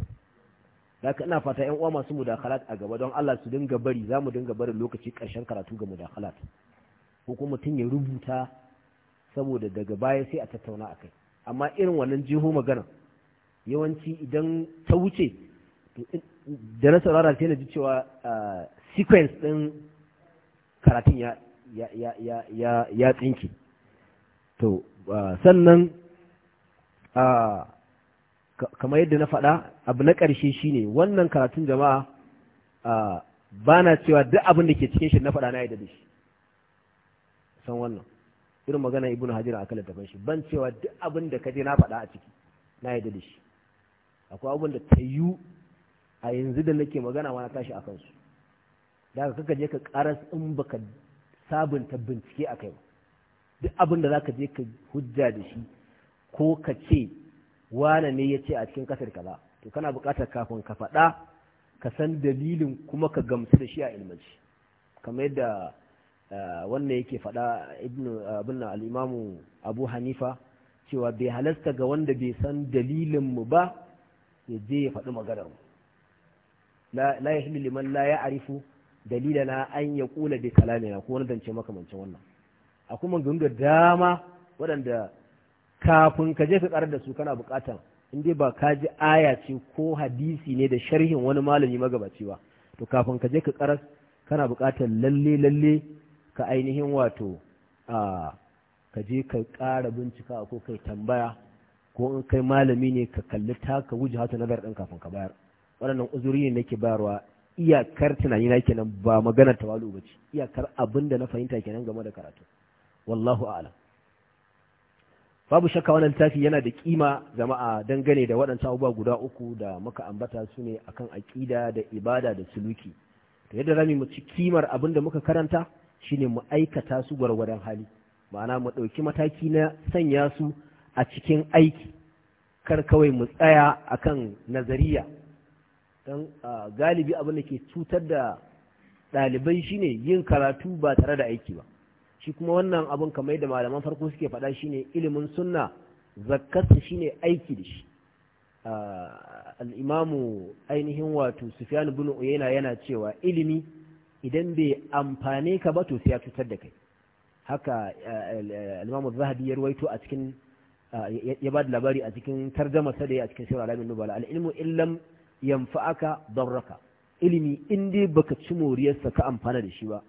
haka ina fata ƴan uwa masu mudakhalat a gaba don Allah su dinga bari za mu dinga barin lokaci karshen karatu ga mudakhalat ko kuma mutum ya rubuta saboda daga baya sai a tattauna kai amma irin wannan jiho magana yawanci idan ta wuce da na saurara sai na ji cewa ah, sequence ɗin karatun ya ya ya ya ya tsinki to sannan kamar yadda na faɗa abu na ƙarshe shine wannan karatun jama'a ba na cewa duk abin da ke cikin shi na faɗa na yi da shi san wannan irin magana ibnu hajar akan littafin shi ban cewa duk abin da kaje na faɗa a ciki na yi da shi akwai abin da ta yi a yanzu da nake magana ma na tashi a kansu da ka je ka karas in baka sabunta bincike a kai duk abin da za ka je ka hujja da shi ko ka ce wane ne ya ce a cikin kasar kaza to kana buƙatar kafin ka faɗa ka san dalilin kuma ka gamsu da shi a ilmanci kamar yadda eh, wannan yake faɗa abin al abu hanifa cewa bai halasta ga wanda bai san dalilin mu ba ya je ya faɗi maganar mu la yahillu liman la ya'rifu Dalila na an ya kula bi kalamina ko wani zance makamancin wannan a kuma da dama waɗanda kafin ka je ka da su kana bukatan in dai ba ka ji aya ce ko hadisi ne da sharhin wani malami magabaci ba to kafin ka je ka karas kana buƙatar lalle lalle ka ainihin wato a ka je ka ƙara bincika ko kai tambaya ko in kai malami ne ka kalli taka wuce hata nazar din kafin ka bayar waɗannan uzuri ne nake bayarwa iyakar tunani na kenan ba magana tawalu ba ce iyakar abin da na fahimta kenan game da karatu wallahu a'lam babu shakka wannan tafi yana da kima jama'a dangane da waɗancan abubuwa guda uku da muka ambata su ne akan aƙida da ibada da suluki to yadda zamu mu ci kimar abin da muka karanta shine mu aikata su gwargwadon hali ma'ana mu ɗauki mataki na sanya su a cikin aiki kar kawai mu tsaya akan nazariya don galibi abin da ke cutar da ɗalibai shine yin karatu ba tare da aiki ba shi kuma wannan abin kamar yadda malaman farko suke faɗa shine ilimin sunna zakkarsa shine aiki da shi al'imamu ainihin wato sufyan bin uyayna yana cewa ilimi idan bai amfane ka ba to sai ya cutar da kai haka al'imamu zahabi ya ruwaito a cikin ya ba da labari a cikin tarjama sa da ya a cikin shirar alamin nubala al'ilmu illam aka darraka ilimi in dai baka ci moriyarsa ka amfana da shi ba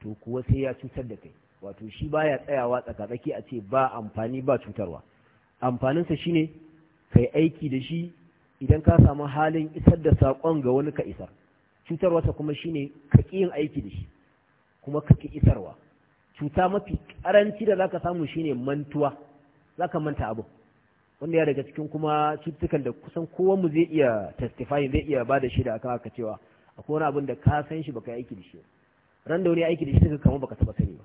to kuwa sai ya cutar da kai wato shi baya tsayawa tsakatsaki a ce ba amfani ba cutarwa amfaninsa shine kai aiki da shi idan ka samu halin isar da sakon ga wani ka isar ta kuma shine ka ƙi yin aiki da shi kuma ka ƙi isarwa cuta mafi ƙaranci da zaka samu shine mantuwa zaka manta abu wanda ya daga cikin kuma cututtukan da kusan kowan mu zai iya testifying zai iya bada da akan haka cewa akwai wani abin da ka san shi baka aiki da shi ran da wani aiki da shi kama baka taba sani ba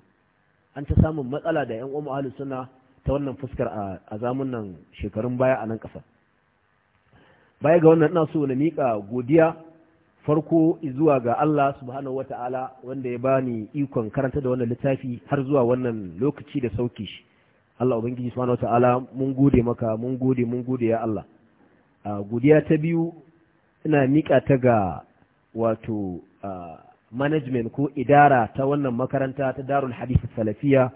an ta samun matsala da yan uwa ahlu suna ta wannan fuskar a nan shekarun baya a nan kasa baya ga wannan ina so na mika godiya farko zuwa ga Allah subhanahu wata'ala wanda ya bani ikon karanta da wannan littafi har zuwa wannan lokaci da sauki shi Allah ubangiji subhanahu wataala mun gode maka mun gode mun gode ya Allah godiya ta biyu ina miƙa ta ga wato management ko idara ta wannan makaranta ta Darul Hadith Salafiya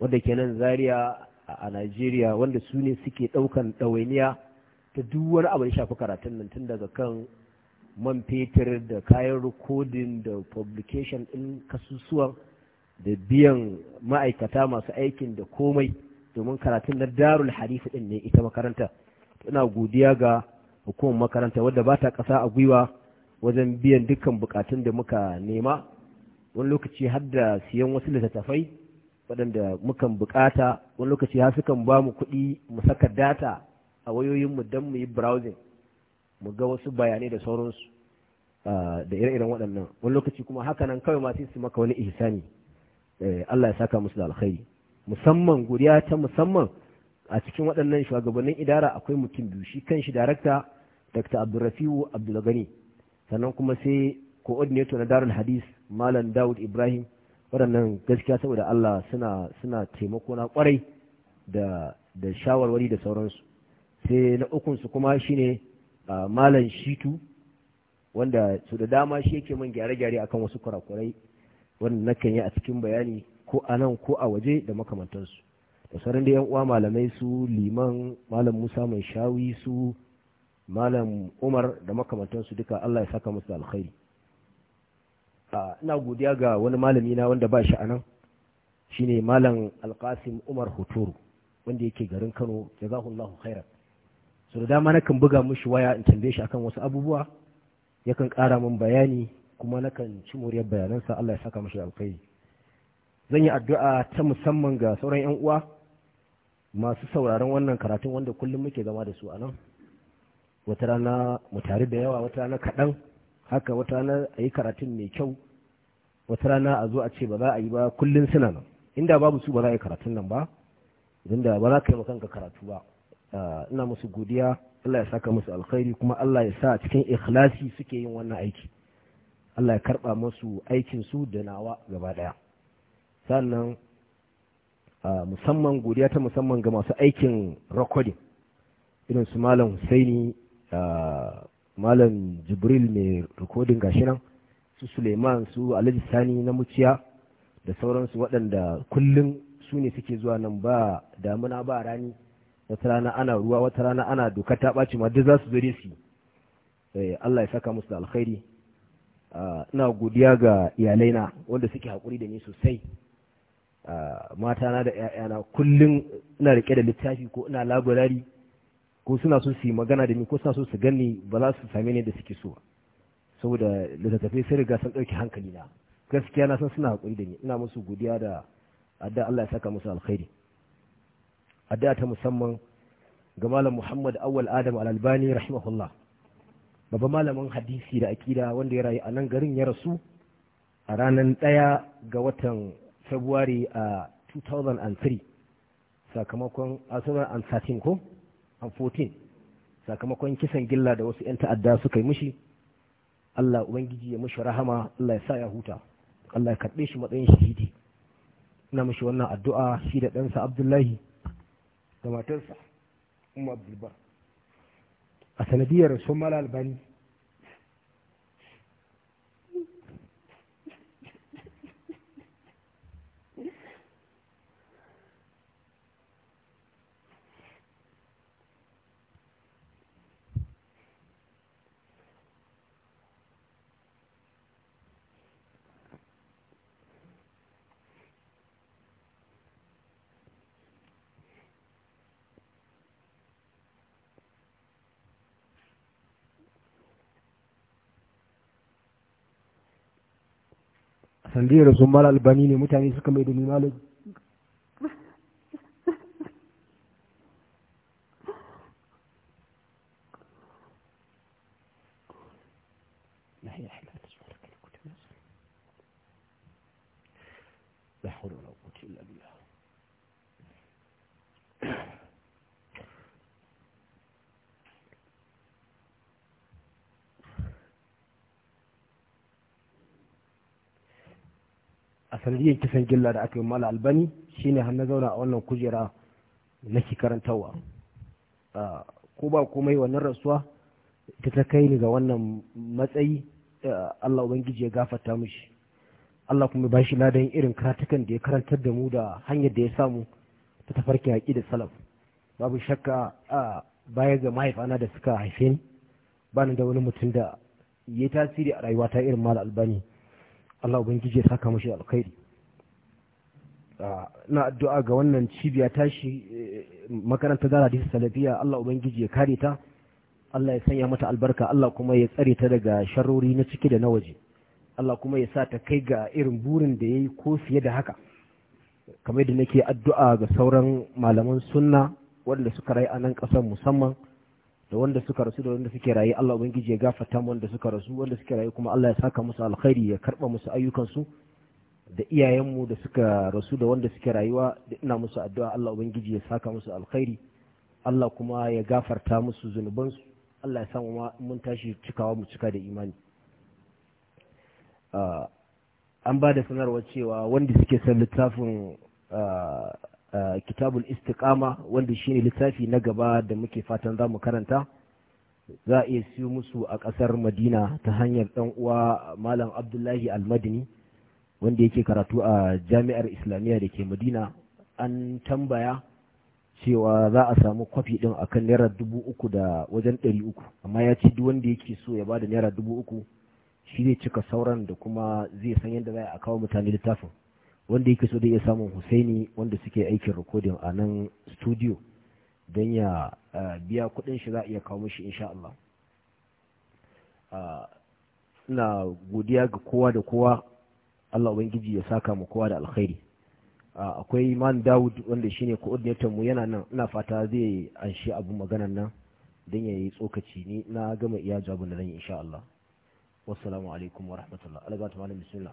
wanda kenan Zaria a Najeriya wanda su ne suke ɗaukan ɗawainiya ta duk wani abu da shafi karatun nan tun daga kan man fetur da kayan rikodin da publication ɗin kasusuwan da biyan ma'aikata masu aikin da komai domin karatun na darul hadisi ɗin ne ita makaranta ina godiya ga hukumar makaranta wadda ba ta ƙasa a gwiwa wajen biyan dukkan bukatun da muka nema wani lokaci har da siyan wasu littattafai waɗanda mukan bukata wani lokaci har sukan ba mu kuɗi mu saka data a wayoyinmu don mu yi browsing mu ga wasu bayanai da sauransu ah, da ire-iren waɗannan wani lokaci kuma haka nan kawai ma sai su maka wani ihsani eh, Allah ya saka musu da alkhairi musamman guriya ta musamman a cikin waɗannan shugabannin idara akwai mutum biyu shi kan shi darakta dr abdulrafiu abdulgani sannan kuma sai coordinator na darul hadis malam dawud ibrahim waɗannan gaskiya saboda allah suna suna taimako na kwarai da da shawarwari da sauransu sai na ukun su kuma shine malam shitu wanda su da dama shi yake man gyare-gyare akan wasu kurakurai wanda nakan yi a cikin bayani ko a nan ko a waje da makamantansu da sauran da yan uwa malamai su liman malam musa mai shawi su malam umar da makamantansu duka allah ya saka musu alkhairi ina godiya ga wani malami na wanda ba shi a nan shine malam alkasim umar hoturu wanda yake garin kano za ya jazakumullahu khairar su da dama nakan buga mushi waya in tambaye shi akan wasu abubuwa yakan ƙara min bayani kuma nakan ci muryar bayanansa Allah ya saka mashi alkhairi zan yi addu'a ta musamman ga sauran 'yan uwa masu sauraron wannan karatun wanda kullum muke zama da su a nan wata rana mu tare da yawa wata rana kaɗan haka wata rana a yi karatun mai kyau wata rana a zo a ce ba za a yi ba kullum suna nan inda babu su ba za a yi karatun nan ba idan da ba za ka yi kanka karatu ba ah, ina musu godiya Allah ya saka musu alkhairi kuma Allah ya sa cikin ikhlasi suke yin wannan aiki Allah ya karɓa musu aikin su da nawa gaba daya sannan musamman godiya ta musamman ga masu aikin recording irin su malam husaini malam jibril mai recording gashi nan su suleiman su alhaji sani na muciya da sauransu waɗanda kullum su ne suke zuwa nan ba damuna ba rani wata rana ana ruwa wata rana ana doka ta ɓaci ma duk za su zure su eh, Allah ya saka musu da alkhairi ina godiya ga iyalaina wanda suke haƙuri da ni sosai Mata na da ‘ya'yana kullum ina riƙe da littafi ko ina labarari ko suna so su yi magana da ni ko suna so su gani ba za su same ni da suke so saboda littattafai sai riga sun ɗauki hankali na gaskiya na san suna haƙuri da ni ina musu godiya da adda Allah ya saka musu alkhairi adda ta musamman ga malam Muhammad Awwal Adam Al-Albani rahimahullah babban malamin hadisi da akida wanda ya rayu a nan garin ya rasu a ranar ɗaya ga watan february uh, a 2003 sakamakon uh, arsenal and 13 ko an 14 sakamakon kisan gilla da wasu 'yan ta'adda suka yi mushi Allah ubangiji ya mushi rahama Allah ya sa ya huta Allah ya karɓe shi matsayin shahidi ina mushi wannan addu'a shi da ɗansa Abdullahi da matarsa Umar Abdulbar a sanadiyar sun mala albani sanadiyar zumar albani ne mutane suka mai da ni malami sanadiyar kisan gilla da aka yi mala albani shine ne na zauna a wannan kujera ke karantarwa ah, ko ba komai wannan rasuwa ta ta kai ni ga wannan matsayi ah, Allah ubangiji ya gafarta shi, Allah kuma ba shi ladan irin karatukan da ya karantar da mu da hanyar da ya samu ta tafarki haƙi da salaf babu shakka a ah, baya ga mahaifana da suka haife ni ba da wani mutum da ya tasiri a rayuwata irin mala albani Allah ubangiji ya saka mashi alkhairi na addu'a ga wannan cibiya tashi eh, makarantar zara hadisi salafiya Allah ubangiji ya kare ta Allah ya sanya mata albarka Allah kuma ya tsare ta daga sharori na ciki da na waje Allah kuma ya sa ta kai ga irin burin da ya yi ko fiye da haka kamar yadda nake addu'a ga sauran malaman sunna wanda suka rayu a nan ƙasar musamman da wanda suka rasu da wanda suke rayu Allah ubangiji ya gafarta wanda suka rasu wanda suke rayu kuma Allah ya saka musu alkhairi ya karba musu ayyukansu da iyayenmu da suka rasu da wanda suke rayuwa da ina musu addu'a Allah ubangiji ya saka musu alkhairi Allah kuma ya gafarta musu zunubansu Allah ya samu mun tashi cikawa mu cika da imani ah, an ba da sanarwa cewa wanda suke son littafin ah, ah, kitabul istiqama wanda shine littafi na gaba da muke fatan za mu karanta za a iya siyo musu a ƙasar madina ta hanyar ɗan uwa malam abdullahi almadini wanda yake karatu a jami'ar islamiyya da ke madina an tambaya cewa za a samu kwafi din akan naira dubu uku da wajen ɗari uku amma ya ce duk wanda yake so ya bada naira dubu uku shi zai cika sauran da kuma zai san yadda za a kawo mutane littafin wanda yake so da iya samun husaini wanda suke aikin rikodin a nan studio don ya biya kuɗin shi za a iya kawo mishi insha Allah ina godiya ga kowa da kowa Allah ubangiji ya saka mu kowa da alkhairi akwai man Dawud wanda shine coordinator mu yana nan ina fata zai anshi abu maganar nan dan yayi tsokaci ni na gama iya jawabin da zan yi insha Allah wassalamu alaikum wa rahmatullah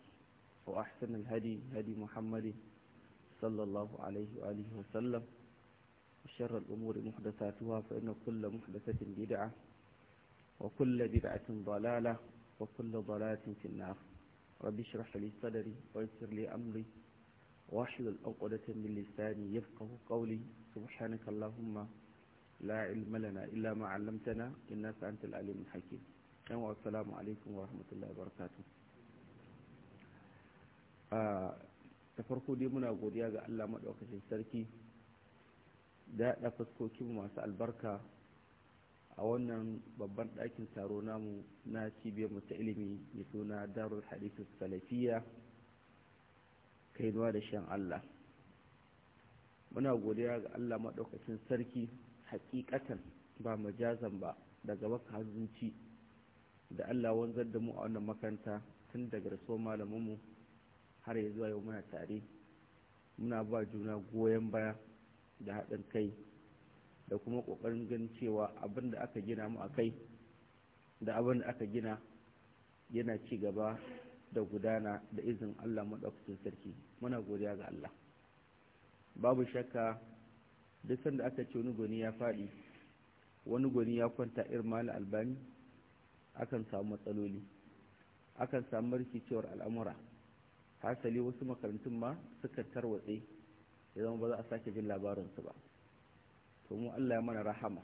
وأحسن الهدي هدي محمد صلى الله عليه وآله وسلم وشر الأمور محدثاتها فإن كل محدثة بدعة وكل بدعة ضلالة وكل ضلالة في النار رب اشرح لي صدري ويسر لي أمري واحلل عقدة من لساني يفقه قولي سبحانك اللهم لا علم لنا إلا ما علمتنا إنك أنت العليم الحكيم السلام عليكم ورحمة الله وبركاته ta farko dai muna godiya ga allah maɗaukacin sarki da ya fuskokin masu albarka a wannan babban ɗakin taro namu na cibiyar ta ilimi mai suna darul hadithu salafiya kainuwa da shan allah muna godiya ga allah maɗaukacin sarki hakikatan ba majazan ba daga baka hanzunci da allah wanzar da mu a wannan makaranta tun daga rasuwar malaminmu har ya zuwa yau muna tare muna ba juna goyon baya da haɗin kai da kuma ƙoƙarin ganin cewa abin da aka gina mu a kai da abin da aka gina yana ci gaba da gudana da izin Allah maɗaukacin sarki muna godiya ga Allah babu shakka duk sanda aka ce wani goni ya faɗi wani goni ya kwanta irmal albani akan samu matsaloli akan samu rikicewar al'amura hasali wasu makarantun ma suka tarwatse ya zama ba za a sake jin labarinsu ba to mu Allah ya mana rahama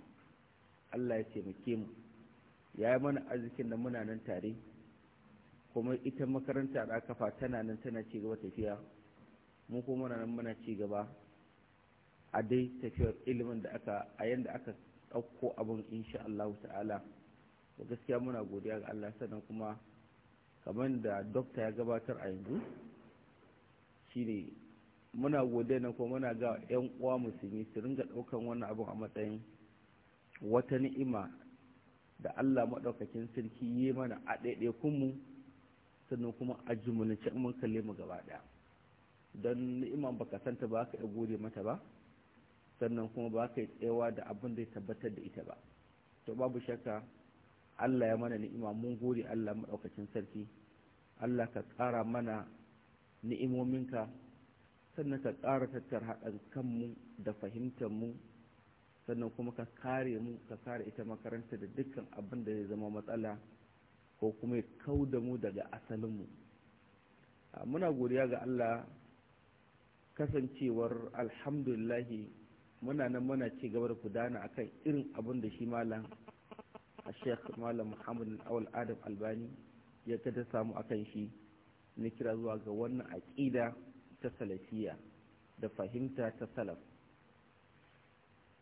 Allah ya taimake mu ya yi mana arzikin da muna nan tare kuma ita makaranta da aka kafa tana nan tana ci gaba tafiya mu kuma muna nan muna ci gaba a dai tafiyar ilimin da aka a yanda aka ɗauko abin insha Allah ta'ala gaskiya muna godiya ga Allah sannan kuma kamar da dokta ya gabatar a yanzu shine muna gode na ko muna ga yan uwa musulmi su ringa ɗaukan wannan abu a matsayin wata ni'ima da Allah maɗaukakin sarki yi mana a ɗaiɗaikunmu sannan kuma a jumulace mun kalle mu gaba ɗaya don ni'iman baka santa ba ka gode mata ba sannan kuma ba ka yi tsayawa da abin da ya tabbatar da ita ba to babu shakka Allah ya mana ni'ima mun gode Allah maɗaukacin sarki Allah ka tsara mana ni'imominka sannan ka ƙara tattar haɗin kanmu da fahimtar mu sannan kuma ka kare mu ka kare ita makaranta da dukkan abin da zai zama matsala ko kuma ya kau da mu daga asalinmu muna godiya ga allah kasancewar alhamdulillah muna nan muna ci gaba da gudana akan irin abin da shi malam a sheikh malam muhammad awal adam albani ya ta samu akan shi na kira zuwa ga wannan aƙida ta salafiya da fahimta ta salaf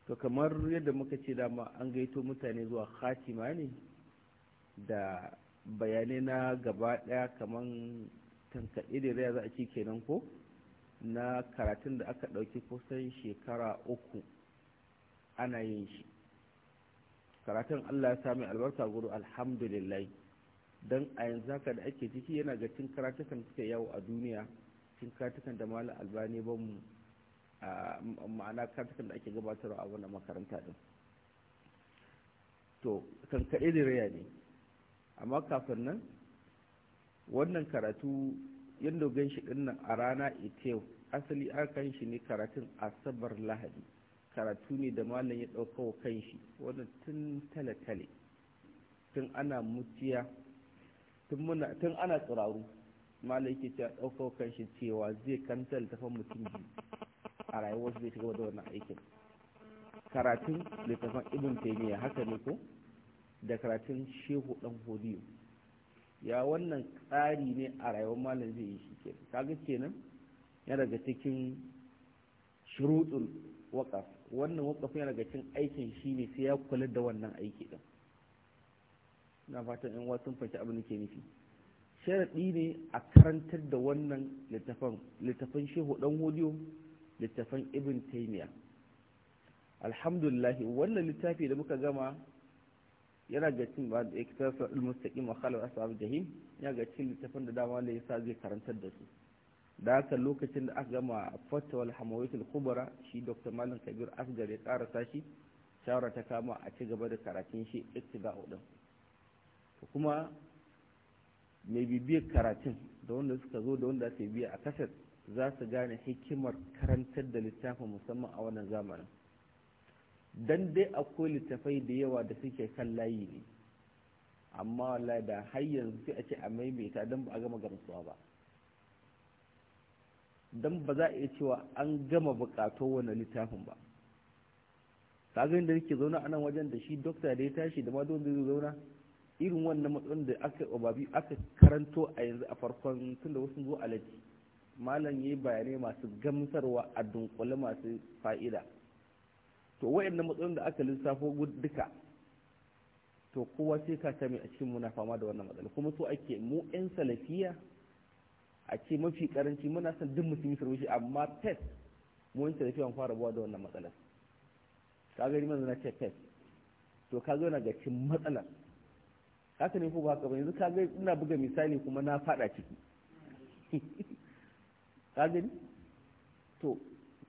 to kamar yadda muka ce dama an gaito mutane zuwa khatima ne da bayanai na gaba ɗaya kamar tankaɗe da ya za a ci kenan ko na karatun da aka ɗauki kusan shekara uku ana yin shi karatun allah ya sami albarka guru alhamdulillah don a yanzu haka da ake ciki yana ga cin karatukan suka yawo a duniya cin karatukan da malam albani ban mu ma'ana karatukan da ake gabatarwa a wannan makaranta din to kan kaɗe da raya ne amma kafin nan wannan karatu yan dogon shi din a rana ita asali an kan shi ne karatun asabar lahadi karatu ne da malam ya ɗauka wa kan shi wannan tun tale-tale tun ana mutiya tun muna tun ana tsiraru malai ta cewa ɗaukar kanshi cewa zai kanta tafan mutum ji a rayuwar zai shiga da wannan aikin karatun littafin ibn taymiya haka ne ko da karatun shehu dan hodiyo ya wannan tsari ne a rayuwar malam zai yi shi ke kaga kenan ya daga cikin shuruɗul waƙaf wannan waƙafin yana daga cikin aikin shi ne sai ya kula da wannan aiki din na fatan yan wasu sun fahimci abin da ke nufi sharaɗi ne a karantar da wannan littafan littafan shehu dan hodiyo littafan ibn taymiya alhamdulillah wannan littafi da muka gama yana ga cin ba da ikitar sa'ul mustaqim wa khalal ashab jahim ya ga cin littafin da dama da yasa zai karantar da su da haka lokacin da aka gama fatwa al hamawitul kubra shi dr Mallam kabir asgar ya karasa shi shawara ta kama a ci gaba da karatun shi ittiba'u din kuma mai bibiyar karatun da wanda suka zo da wanda suka biya a kasar za su gane hikimar karantar da littafin musamman a wannan zamanin Don dai akwai littafai da yawa da suke kan layi ne amma wallahi da har yanzu sai a ce a maimaita don ba a gama gamsuwa ba don ba za a iya cewa an gama bukatu wani littafin ba kaga da nake zauna a nan wajen da shi dokta da ya tashi da ma da zauna irin wannan matsalolin da aka obabi aka karanto a yanzu a farkon tun da wasu zuwa alaji malam yi bayanai masu gamsarwa a dunkule masu fa'ida to wayannan matsalolin da aka lissafo duka to kowa sai ka ta mai a cikin muna fama da wannan matsala kuma so ake mu yan salafiya a ce mafi karanci muna son duk mutum yi shi amma pet mu yan salafiya fara buwa da wannan matsalar ka gari manzana ce pet to ka zo na ga cin matsalar haka ne ko ba haka ba yanzu ka ina buga misali kuma na fada ciki ka gani to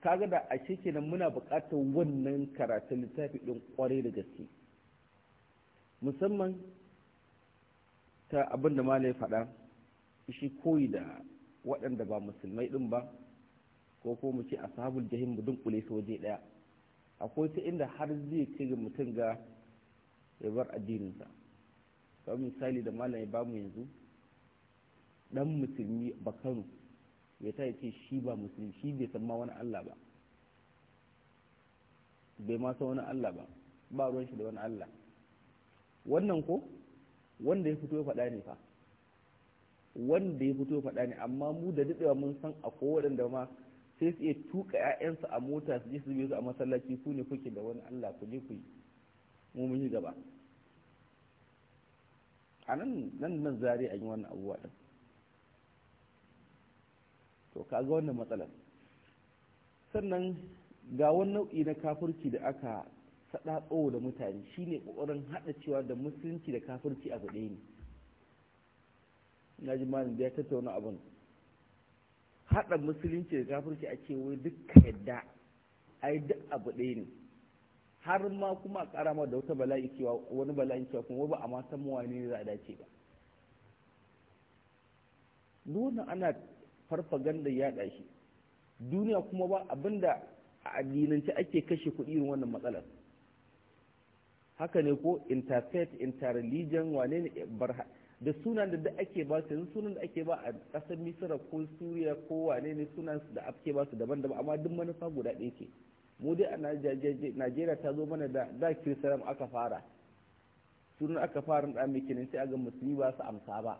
kaga da ashe kenan muna buƙatar wannan karatun littafi ɗin kwarai da gaske musamman ta abin da malai fada shi koyi da waɗanda ba musulmai din ba ko ko mu ce ashabul jahim mu dunkule su waje daya akwai ta inda har zai kai mutum ga ya bar addininsa kamar misali da malam ya bamu yanzu dan musulmi ba kano ya ta ce shi ba musulmi shi bai san ma wani Allah ba bai ma san wani Allah ba ba ruwan shi da wani Allah wannan ko wanda ya fito ya faɗa ne fa wanda ya fito ya faɗa ne amma mu da daɗewa mun san akwai waɗanda ma sai su iya tuka ƴaƴansu a mota su je su biyo su a masallaci ku ne kuke da wani Allah ku je ku yi mu mun yi gaba a nan nan nan zari an yi wannan abuwa ɗin to ka ga wannan matsalar sannan ga wani nau'i na kafurci da aka tsoho da mutane shi ne ƙoƙarin haɗa cewa da musulunci da kafurci a ɗaya ne na ji ma da ya tattauna abin haɗa musulunci da kafurci a ce duka yadda yadda yi duk abu ɗaya ne har ma kuma a ma da wata bala'i cewa wani bala'i cewa kuma ba a ma san wani ne za a dace ba nuna ana farfaganda yaɗa shi duniya kuma ba abinda a addinance ake kashe kuɗi irin wannan matsalar haka ne ko interfaith interreligion wane ne barha da sunan da ake ba su sunan da ake ba a ƙasar misira ko suriya ko wane ne sunan da ake ba su daban-daban amma duk manufa guda ɗaya ce mu dai a najeriya ta zo mana da da kirisalam aka fara sunan aka fara da mai kenan sai a ga musulmi ba su amsa ba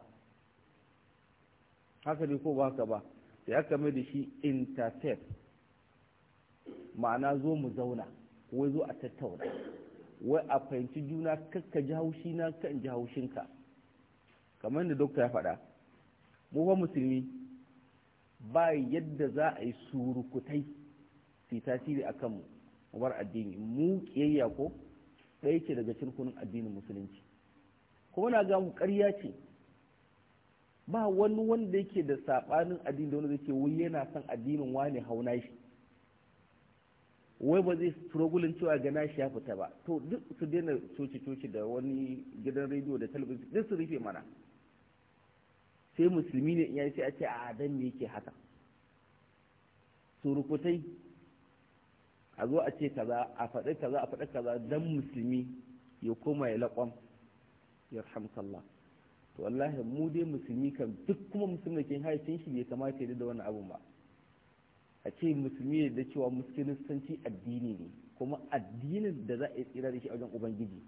haka ne ko ba haka ba sai aka mai da shi intercept ma'ana zo mu zauna wai zo a tattauna wai a fahimci juna kakka ji haushi na kan ji haushinka kamar da dokta ya faɗa mu fa musulmi ba yadda za a yi surukutai su tasiri a kanmu mu bar addini mu kiyayya ko ɗaya ce daga cikin addinin musulunci kuma na ga mu ƙarya ce ba wani wanda yake da saɓanin addini da wanda zai wai yana son addinin wani hauna shi wai ba zai strugulin cewa gana shi ya fita ba to duk su daina coci-coci da wani gidan rediyo da talabijin duk su rufe mana sai musulmi ne in ya sai a ce a dan me yake haka surukutai a zo a ce kaza a faɗi kaza a faɗi kaza dan musulmi ya koma ya laƙon ya hamsallah to wallahi mu dai musulmi kan duk kuma musulmi da ke haifin shi bai kamata ya da wannan abun ba a ce musulmi da cewa muskilistanci addini ne kuma addinin da za a yi tsira da shi a wajen ubangiji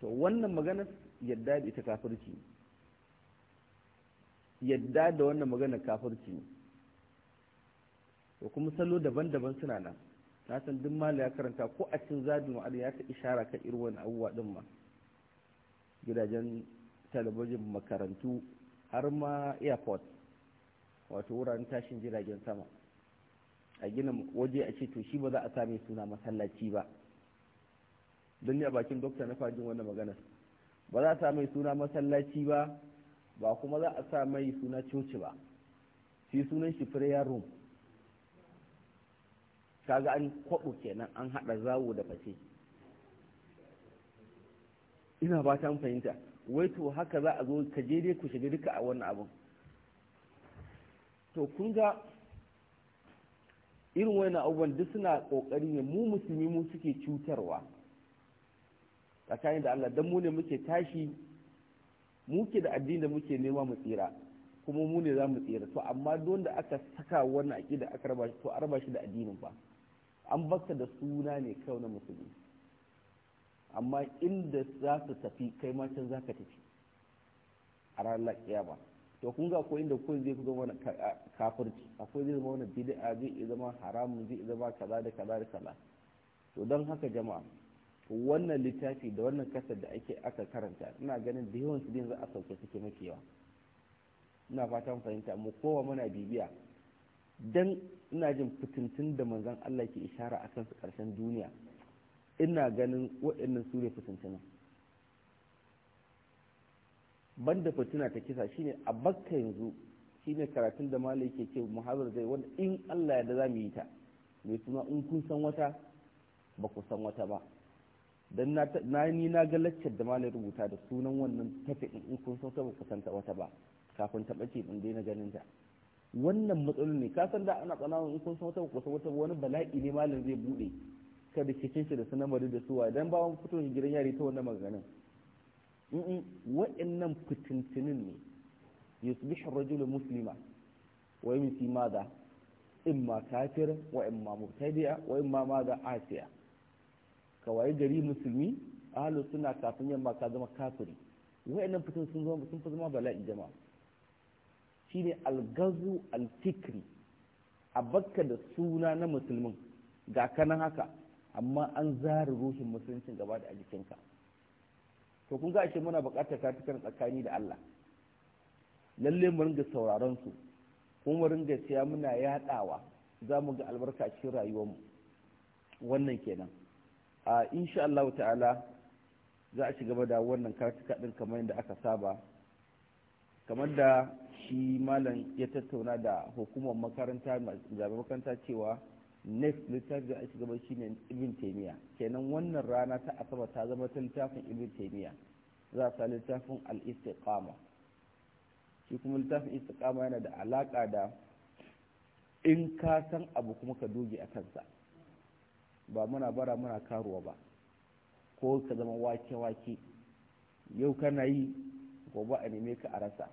to wannan magana yadda da ita kafirci yadda da wannan magana kafirci ne to kuma salo daban-daban suna nan na san duk ya karanta ko a cikin zadin wa'ad ya ta ishara kan irwan wani abubuwa din ma gidajen talabijin makarantu har ma airport wato wuraren tashin jiragen sama a gina waje a ce to shi ba za a same suna masallaci ba don ya bakin dokta na fajin wannan magana ba za a sa suna masallaci ba ba kuma za a sa mai suna coci ba shi sunan shi prayer room kaga an kwaɓo kenan an haɗa zawo da fashe ina ba ta fahimta wai to haka za a zo ka je dai ku shiga duka a wannan abin to kun ga irin wannan abubuwan duk suna kokari ne mu musulmi mu suke cutarwa tsakanin da Allah dan mu ne muke tashi muke da addini da muke nema mu tsira kuma mu ne za mu tsira to amma don da aka saka wannan aƙida aka raba shi to a raba shi da addinin ba an baka da suna ne kawai na musulmi amma inda za su tafi kai ma can za ka tafi a ranar laƙiya ba, to kun ga ko inda ko zai zama wani kafirci akwai zai zama wani bid'a zai zama haramun zai zama kaza da kaza da kaza to don haka jama'a wannan littafi da wannan kasar da ake aka karanta ina ganin da yawan su za a sauke suke mafi ina fatan fahimta mu kowa muna bibiya dan ina jin fitintun da manzan Allah ke ishara a kan su ƙarshen duniya ina ganin waɗannan su ne fitintunan banda fitina ta kisa shine a bakka yanzu shine karatun da malai ke ce muhazar zai wanda in Allah ya da za mu yi ta mai suna in kun san wata ba ku san wata ba dan na ni na ga laccar da malai rubuta da sunan wannan tafi in kun san ta ba ku san ta wata ba kafin ta bace in na ganin ta wannan matsaloli ne ka san da ana tsananin in kun san wata kusa wata wani bala'i ne malam zai bude ka da kicin shi da su namari da suwa dan ba wani fito gidan yari ta wannan maganin wa'annan fitintinin ne yusbihu rajulu muslima wa yumsi madha imma kafir wa imma mubtadi'a wa imma madha asiya ka waye gari musulmi ahlus sunna kafin yamma ka zama kafiri wa'annan fitin sun zama sun fi zama bala'i jama'a shine algazu alfikri a bakka da suna na musulmin ga kanan haka amma an zara ruhin musuluncin gaba da a jikinka to kun ga ashe muna buƙatar katukan tsakani da Allah lalle mu ringa sauraron su kuma mu ringa siya muna yadawa za mu ga albarka a cikin rayuwarmu wannan kenan a insha Allah ta'ala za a ci gaba da wannan kartuka din kamar yadda aka saba kamar da shi malam ya tattauna da hukumar makaranta zaɓe makaranta cewa next littafi da ake gaba shine ibn taimiya kenan wannan rana ta asaba ta zama ta littafin ibn taimiya za a sa littafin al-istiqama shi kuma littafin istiqama yana da alaka da in ka san abu kuma ka doge a kansa ba muna bara muna karuwa ba ko ka zama wake-wake yau kana yi gobe a neme ka a rasa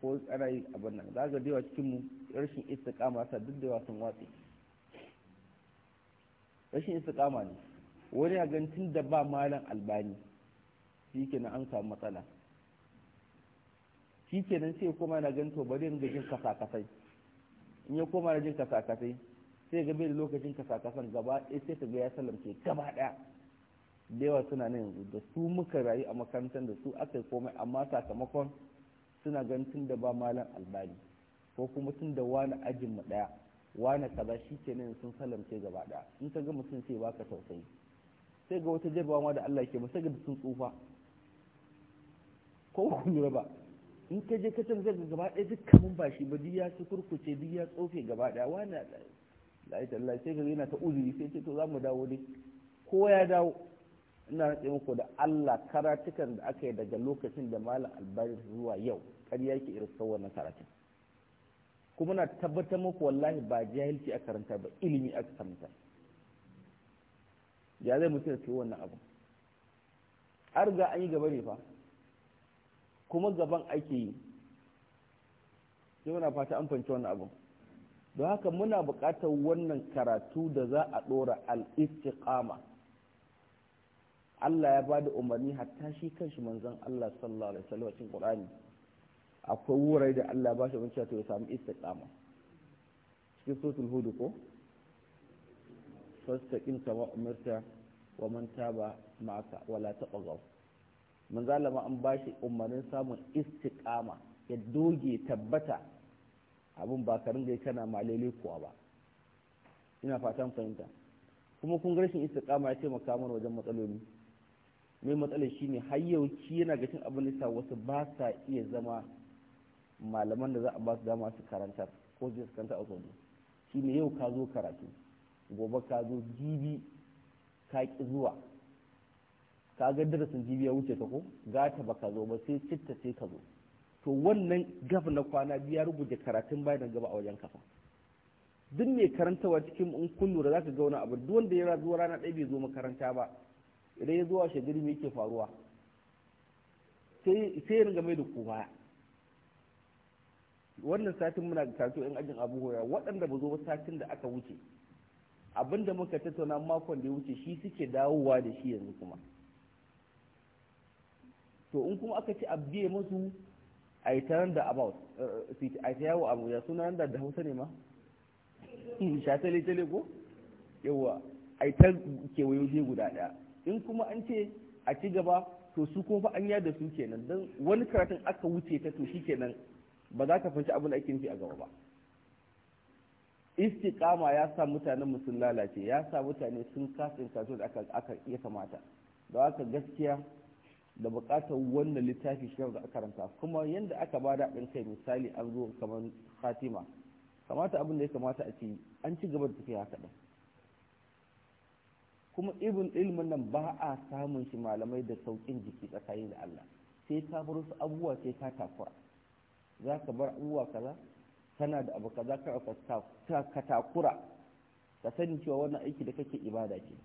ko ana yi abin nan za ga dewa cikin mu rashin istiqama sa duk da sun watsi rashin istiqama ne wani a gan tun da ba malam albani shi na an samu matsala shi nan sai koma na ganto ba zai ga jin kasakasai in ya koma na jin kasakasai sai ga bai da lokacin kasakasan gaba ɗaya sai ka ga ya salamce gaba ɗaya da yawa suna nan yanzu da su muka rayu a makarantar da su aka yi komai amma sakamakon suna ganin tun da ba malam albani ko kuma tun da wani ajin mu daya wani kaza shi nan sun salamce gaba daya in ka ga mutum sai baka tausayi sai ga wata jabawa ma da Allah ke masa ga sun tsufa ko kun lura ba in ka je ka can zai gaba daya dukkan ba shi ba duk ya ci kurkuce duk ya tsofe gaba daya wani ilaha illallah sai ga yana ta uzuri sai ce to za mu dawo dai ko ya dawo ina rantse muku da Allah karatukan da aka yi daga lokacin da malam albani zuwa yau ƙarya yake irisar wannan karatun kuma na tabbatar muku wallahi ba jahilci a karanta ba ilimi aka karanta ya zai mutu da wannan abu har riga an yi gaba ne fa kuma gaban ake yi sai muna fata an fanci wannan abu don haka muna buƙatar wannan karatu da za a ɗora al'istiƙama Allah ya ba da umarni hatta shi kanshi manzon Allah sallallahu alaihi wasallam cikin Qur'ani akwai wurare da Allah ba shi wancan ya samu istiqama cikin sotul hudu ko fastaqim kama umarta wa man taba ma'aka wala taqaw manzo Allah an ba shi umarnin samun istiqama ya doge tabbata abun ba ka ringa kana malele kuwa ba ina fatan fahimta kuma kun rashin istiqama ya taimaka mana wajen matsaloli mai matsalar shine har yau ki yana ga cin abin da wasu ba sa iya zama malaman da za a ba su dama su karantar ko su karanta a shi ne yau ka zo karatu gobe ka zo jibi ka ƙi zuwa ka ga darasin jibi ya wuce ta ko gata ba ka zo ba sai citta sai ka zo to wannan gaf na kwana biya rubuta karatun bayan gaba a wajen kafa duk mai karantawa cikin in kun lura za ka ga abu duk wanda ya zuwa rana ɗaya bai zo makaranta ba idan ya zuwa shagari me yake faruwa sai ya ringa mai da kowa wannan satin muna karatu yan ajin abu hura waɗanda ba zo ba satin da aka wuce abinda muka tattauna makon da ya wuce shi suke dawowa da shi yanzu kuma to in kuma aka ci abdiye musu a yi taron da about eh, eh, a ta yawo abu ya suna da da hausa ne ma shatale tale ko yawa a yi ta kewayoje guda ɗaya in kuma an ce a ci gaba to su kuma fa an yada su kenan don wani karatun aka wuce ta to shi kenan ba za ka fahimci abin da ake nufi a gaba ba istiqama ya sa mutanen mu sun lalace ya sa mutane sun kasa kaso da aka aka iya kamata da aka gaskiya da bukatar wannan littafi shi da aka karanta kuma yanda aka ba da kai misali an zo kamar Fatima kamata abin da ya kamata a ce an ci gaba da tafiya haka din kuma ibn ilmin nan ba a samun shi malamai da saukin jiki tsakanin da Allah sai ka bar su abubuwa sai ka takura za ka bar uwa kaza kana da abu kaza ka ka takura ka sani cewa wannan aiki da kake ibada ce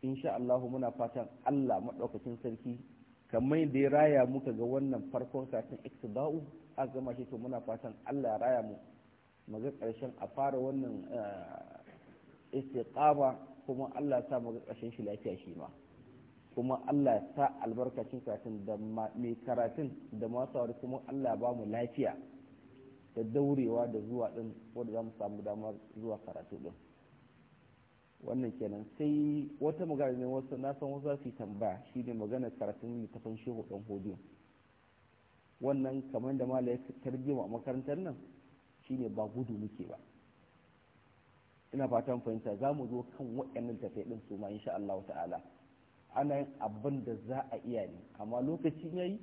insha Allah muna fatan Allah madaukakin sarki kamar da ya raya muka ga wannan farkon satin iktida'u a gama shi to muna fatan Allah ya raya mu karshen a fara wannan eh, istiqama kuma Allah ya sa mu ga karshen shi lafiya shi ma kuma Allah ya sa albarkacin karatun da mai karatun da masu kuma Allah ba mu lafiya da daurewa da zuwa din wanda za mu samu damar zuwa karatu din wannan kenan sai wata magana ne wasu na san wasu su tambaya shi ne maganar karatun littafin shehu dan hodiyo wannan kamar da mala ya tarjima a makarantar nan shi ne ba gudu muke ba ina fatan fahimta za mu zo kan waɗannan tafai din su ma insha Allah ta'ala ana yin abin da za a iya ne amma lokacin yayi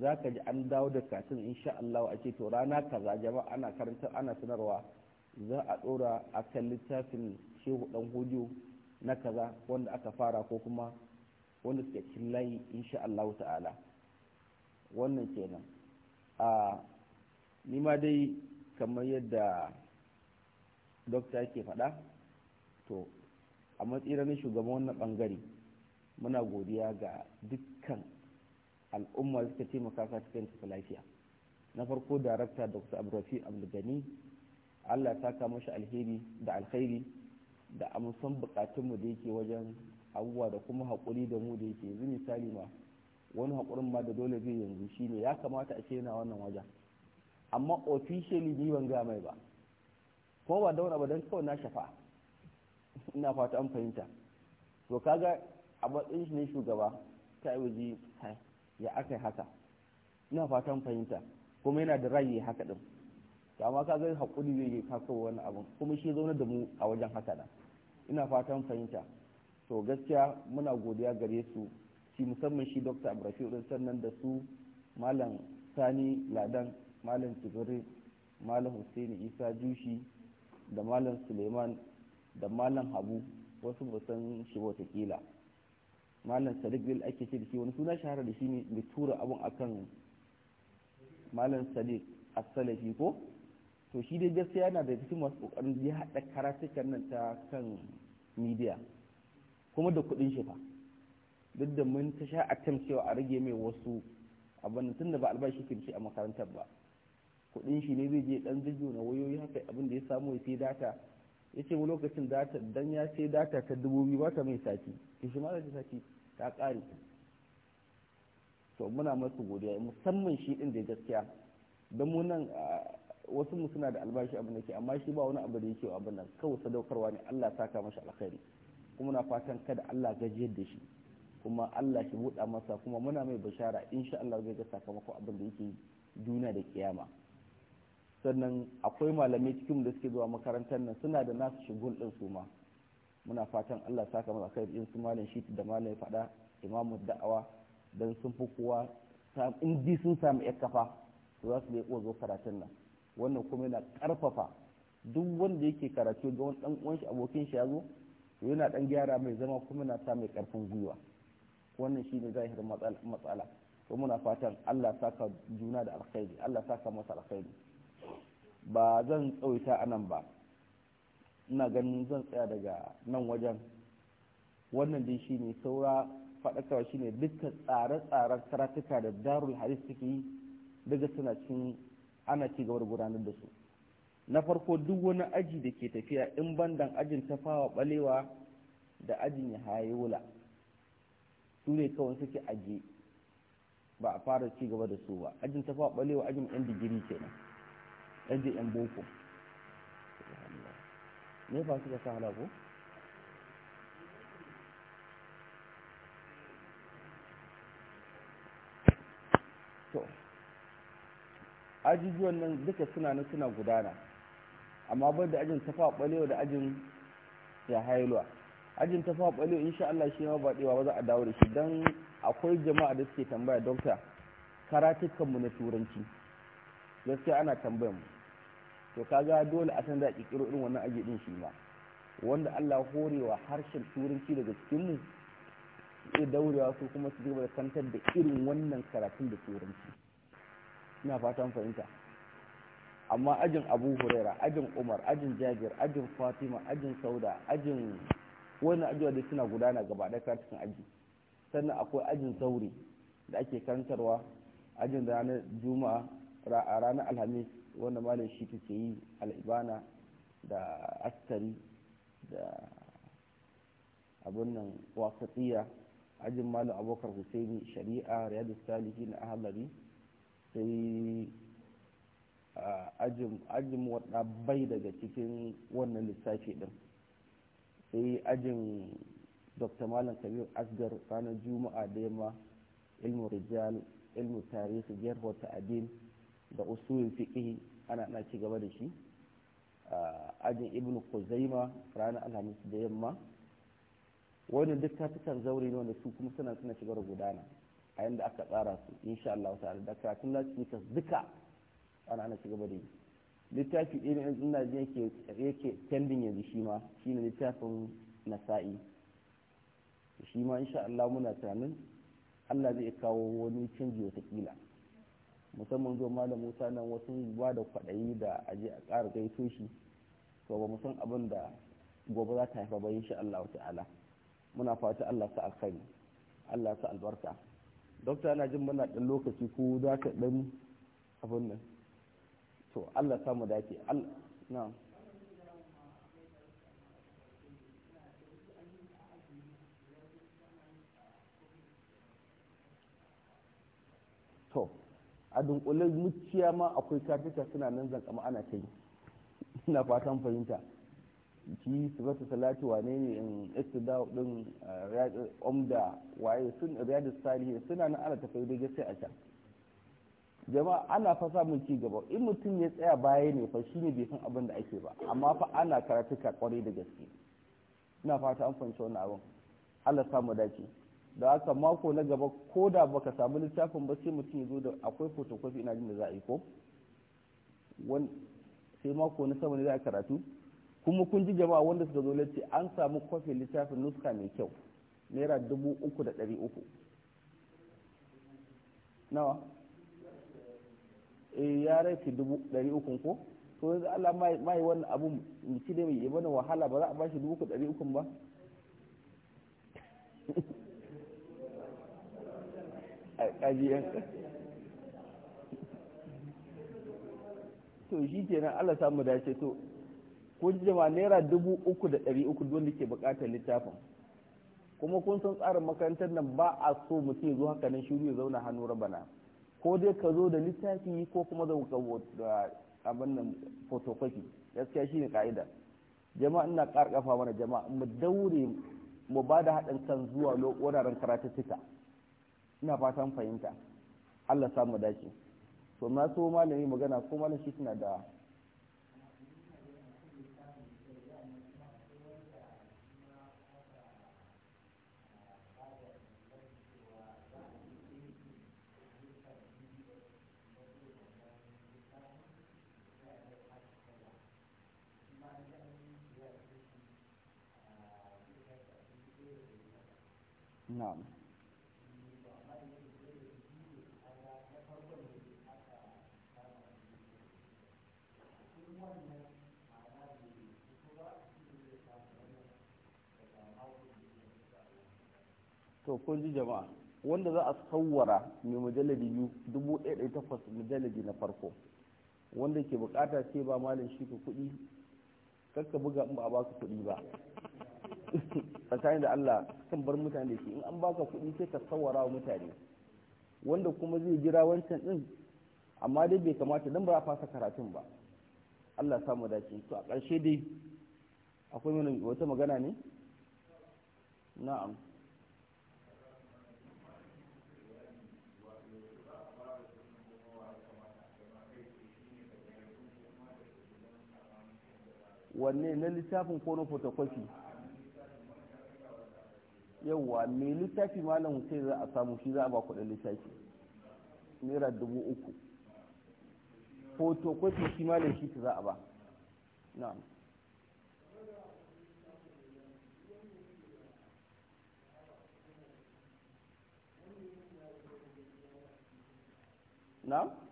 za ka ji an dawo da katin insha Allah a ce to rana kaza jama'a ana karanta ana sanarwa za a dora akan littafin shehu dan hudu na kaza wanda aka fara ko kuma wanda suke cikin layi insha Allah ta'ala wannan kenan a ma dai kamar yadda dokta yake faɗa to a matsira na shugaban wannan bangare muna godiya ga dukkan al'umma da suka taimaka ka cikin tafi lafiya na farko darakta dr abdurrafi abdulgani allah ta kama shi alheri da alkhairi da amsan bukatunmu da yake wajen abubuwa da kuma haƙuri da mu da yake yanzu misali ma wani haƙurin ma da dole zai yanzu shi ne. ya kamata a ce yana wannan wajen amma officially ni ban gama mai ba ko ba daura ba don kawai na shafa ina fata an fahimta to kaga a matsayin shi ne shugaba ta yi ya aka haka ina fatan fahimta kuma yana da rayi haka din to amma ka zai hakuri zai yi kaka wani abu kuma shi zaune da mu a wajen haka nan ina fatan fahimta to gaskiya muna godiya gare su shi musamman shi Dr. Abrafi din sannan da su malam Sani Ladan malam Jibril malam Hussaini Isa Jushi da malam Suleiman da malam Habu wasu ba san shi watakila malam sadiq bil ake ce da shi wani suna shahara da shi ne da tura abun akan malam sadiq a salafi ko to shi dai gaskiya yana da cikin masu kokarin ya hada karatukan nan ta kan media kuma da kudin shi fa duk da mun ta sha akan cewa a rage mai wasu abin tunda ba albashi ke shi a makarantar ba kudin shi ne zai je dan jirgi na wayoyi haka abin da ya samu ya sai data ya ce lokacin data dan ya ce data ta dubu biyu ba ta mai sati ki shi mara ta sati ta ƙare to muna masu godiya musamman shi ɗin da gaskiya don mu wasu mu suna da albashi abin da ke amma shi ba wani abu da yake abin nan kawai sadaukarwa ne Allah saka masa alkhairi kuma na fatan kada Allah gajiyar da shi kuma Allah shi buɗa masa kuma muna mai bishara insha Allah zai ga sakamakon abin da yake juna da kiyama sannan akwai malamai cikin da suke zuwa makarantar nan suna da nasu shigun ɗin su ma muna fatan Allah saka masa kai in su malam shi da malam fada imamu da'awa dan sun fi kowa in ji sun samu yar kafa to za su leƙo zo karatun nan wannan kuma yana karfafa duk wanda yake karatu ga wani dan uwan shi abokin shi yazo to yana dan gyara mai zama kuma yana sa mai karfin gwiwa wannan shine zahirin matsala to muna fatan Allah saka juna da alkhairi Allah saka masa alkhairi ba zan tsawita a nan ba ina ganin zan tsaya daga nan wajen wannan dai shi ne saura faɗakawa shi ne duka tsare-tsaren karatuka da darul hadis suke yi daga suna cikin ana ci gaba gudanar da su na farko duk wani aji da ke tafiya in bandan ajin ta fawa balewa da ajin ya haye wula su ne kawai suke aje ba a fara ci gaba da su ba ajin ta fawa balewa ajin yan digiri kenan ɗan je ɗan boko ne ba su da sa halago to ajijuwan nan duka suna na suna gudana amma ba da ajin tafa ɓalewa da ajin ya hailuwa ajin tafa ɓalewa insha Allah shi ma ba ɗewa ba za dawo da shi don akwai jama'a da suke tambaya dokta karatukanmu na turanci gaskiya ana tambayar mu to kaga dole a san za a kirkiro irin wannan aji din shi ma wanda Allah horewa harshen turanci daga cikin mu sai daurewa su kuma su gaba da kantar da irin wannan karatun da turanci ina fatan fahimta amma ajin Abu Huraira ajin Umar ajin Jabir ajin Fatima ajin Sauda ajin wannan ajiwa da suna gudana gaba da karatun aji sannan akwai ajin zaure da ake karantarwa ajin ranar juma'a ranar alhamis wanda malam shi take yi al'ibana da askari da abin nan wasatiya ajin malam abokar husaini shari'a riyadu salihi na ahalari sai ajin wadda bai daga cikin wannan lissafi din sai ajin dr malam kabir asgar ranar juma'a da yamma ilmu rijal ilmu tarihi jihar wata adin. da usulin fiqh ana ana ci gaba da shi ajin ibn kuzaima ranar alhamis da yamma wani duk tafikan zaure ne wanda su kuma suna suna shigar gudana a yadda aka tsara su insha Allah ta'ala da karatun lasfikas duka ana ana gaba da yi littafi ɗaya na ina jin yake yake tendin yanzu shi ma shine littafin nasa'i shi ma insha Allah muna tunanin Allah zai kawo wani canji wata kila musamman zuwa malam musa nan wasu ba da kwaɗayi da aje a ƙara gaito shi to ba san abin da gobe za ta haifa ba insha Allah ta'ala muna fata Allah sa alkhairi Allah sa albarka dokta ana jin muna ɗan lokaci ko za ka ɗan abin nan to Allah sa mu dace Allah na'am a dunkule muciya ma akwai kafita suna nan zankama ana ta yi ina fatan fahimta ki sifatu salati wane ne in istida din eh, umda waye sun riyadus salihin suna nan ana tafai da gaske a can jama'a ana fa samun ci gaba in mutum ya tsaya baya ne fa shine bai san abin da ake ba amma fa ana karatuka kwarai da gaske ina fata an fahimci wannan abin Allah samu dace da haka mako na gaba ko da baka samu littafin ba sai mutum ya zo da akwai fotokofi ina jin da za a yi ko sai mako na sama ne za a karatu kuma kun ji jama'a wanda suka zo latti an samu kofin littafin nuska mai kyau naira dubu uku da ɗari uku nawa e ya rafi dubu ɗari uku ko to yanzu Allah ma yi wannan abun mutum ne mai yi mana wahala ba za a bashi dubu uku ɗari uku ba ajiyan to shi kenan Allah samu dace to kun jama'a naira dubu uku da ɗari uku wanda ke buƙatar littafin kuma kun san tsarin makarantar nan ba a so mutum ya zo haka nan shiru ya zauna hannu rabana ko dai ka zo da littafi ko kuma da abin nan photocopy gaskiya shine ka'ida jama'a ina ƙarƙafa mana jama'a mu daure mu ba da haɗin kan zuwa wuraren karatuttuka ina fatan fahimta Allah samu dace to na so malami magana ko malam shi suna da Na'am. to kun ji jama'a wanda za a sauwara mai mujalladi biyu dubu ɗaya ɗaya takwas mujalladi na farko wanda ke bukata sai ba malin shi ka kuɗi kakka buga in ba a baka kuɗi ba tsakanin da Allah kan bar mutane da shi in an baka kuɗi sai ka sauwara wa mutane wanda kuma zai jira wancan din amma dai bai kamata dan ba a fasa karatun ba Allah samu dace to a ƙarshe dai akwai wata magana ne na'am wanne na littafin ko na photocopy yawwa me littafi malam hussein za a samu shi za a ba da littafi naira dubu uku fotokofi shi malam shi za a ba na'am na'am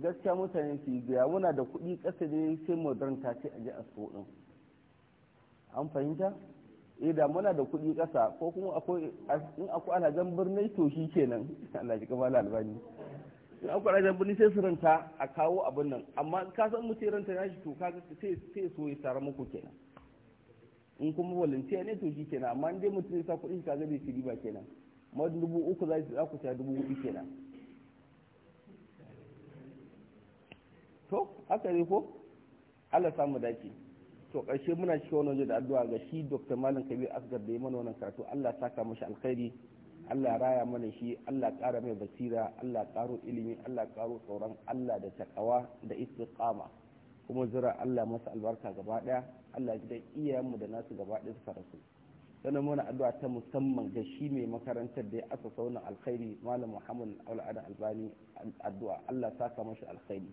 gaskiya mutane su yi biya muna da kuɗi ƙasa ne sai modern ta ce a ji a so ɗin an fahimta eh da muna da kuɗi ƙasa ko kuma akwai in akwai alhajan birni to shi kenan Allah shi kamar albani in akwai alhajan birni sai su ranta a kawo abin nan amma ka san mutum ranta ya shi to kaga sai sai so ya tara muku kenan in kuma volunteer ne to shi kenan amma in dai mutum ya sa kuɗi kaga bai shi riba kenan ma dubu uku za ku sa dubu hudu kenan to haka ne ko Allah samu dace to ƙarshe muna cikin wannan waje da addu'a ga shi Dr. Malam Kabir Asgar da ya mana wannan karatu Allah saka mashi alkhairi Allah raya mana shi Allah kara mai basira Allah ƙaro ilimi Allah ƙaro tsoron Allah da takawa da istiqama kuma zira Allah masa albarka gaba ɗaya Allah ji da iyayenmu da nasu gaba daya suka rasu sannan muna addu'a ta musamman ga shi mai makarantar da ya asa saunan alkhairi Malam Muhammad Al-Albani addu'a Allah saka mashi alkhairi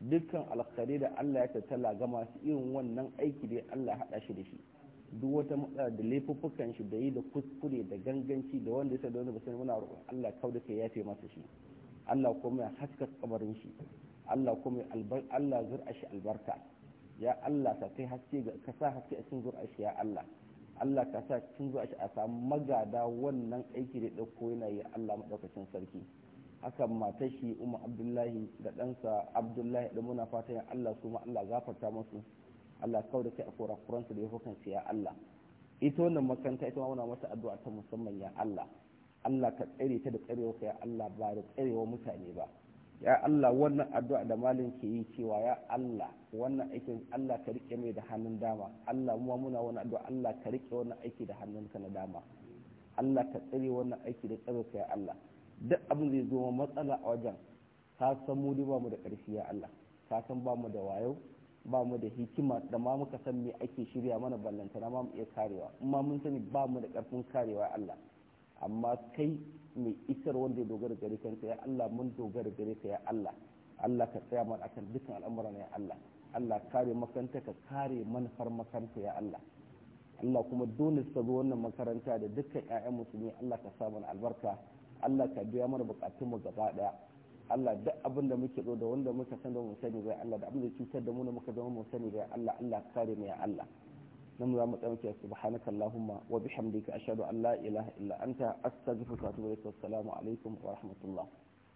dukkan alkhari da Allah ya tattala ga masu irin wannan aiki da Allah ya haɗa shi da shi duk wata matsala da laifuffukan shi da yi da kuskure da ganganci da wanda ya sanda wanda ba muna roƙon Allah kawai da kai ya fi masa shi Allah kuma ya haska kabarin shi Allah kuma Allah zur'a shi albarka ya Allah ka kai haske ga ka sa haske a cikin zur'a shi ya Allah Allah ka sa cikin zur'a shi a samu magada wannan aiki da dauko yana yi Allah madaukakin sarki akan matar shi umu abdullahi da ɗansa abdullahi da muna fatan allah su ma allah gafarta masu allah kawai da kai a kurakuransu da ya hukan ya allah ita wannan makaranta ita ma muna mata addu'a ta musamman ya allah allah ka tsare ta da tsarewa ka ya allah ba da tsarewa mutane ba ya allah wannan addu'a da malin ke yi cewa ya allah wannan aikin allah ka rike mai da hannun dama allah mu muna wannan addu'a allah ka rike wannan aiki da hannunka na dama allah ka tsare wannan aiki da tsarewa ka ya allah duk abin zai zo matsala a wajen ka san mu ba mu da ƙarfi ya Allah ka san ba mu da wayo ba mu da hikima da ma muka san me ake shirya mana na ma mu iya karewa amma mun sani ba mu da ƙarfin karewa ya Allah amma kai mai isar wanda ya dogara gare ka ya Allah mun dogara gare ka ya Allah Allah ka tsaya mana akan dukkan al'amuran ya Allah Allah kare makaranta ka kare manufar makaranta ya Allah Allah kuma dole su zo wannan makaranta da dukkan 'ya'yan musulmi Allah ka sa mana albarka Allah ka biya mana bukatunmu gaba daya Allah duk abin da muke so da wanda muka san da mu sani bai Allah da abin da cutar da mu da muka zama mu sani bai Allah Allah kare mu ya Allah nan za mu tsamke subhanaka allahumma wa bihamdika ashhadu an la ilaha illa anta astaghfiruka wa atubu ilaik assalamu alaikum wa rahmatullah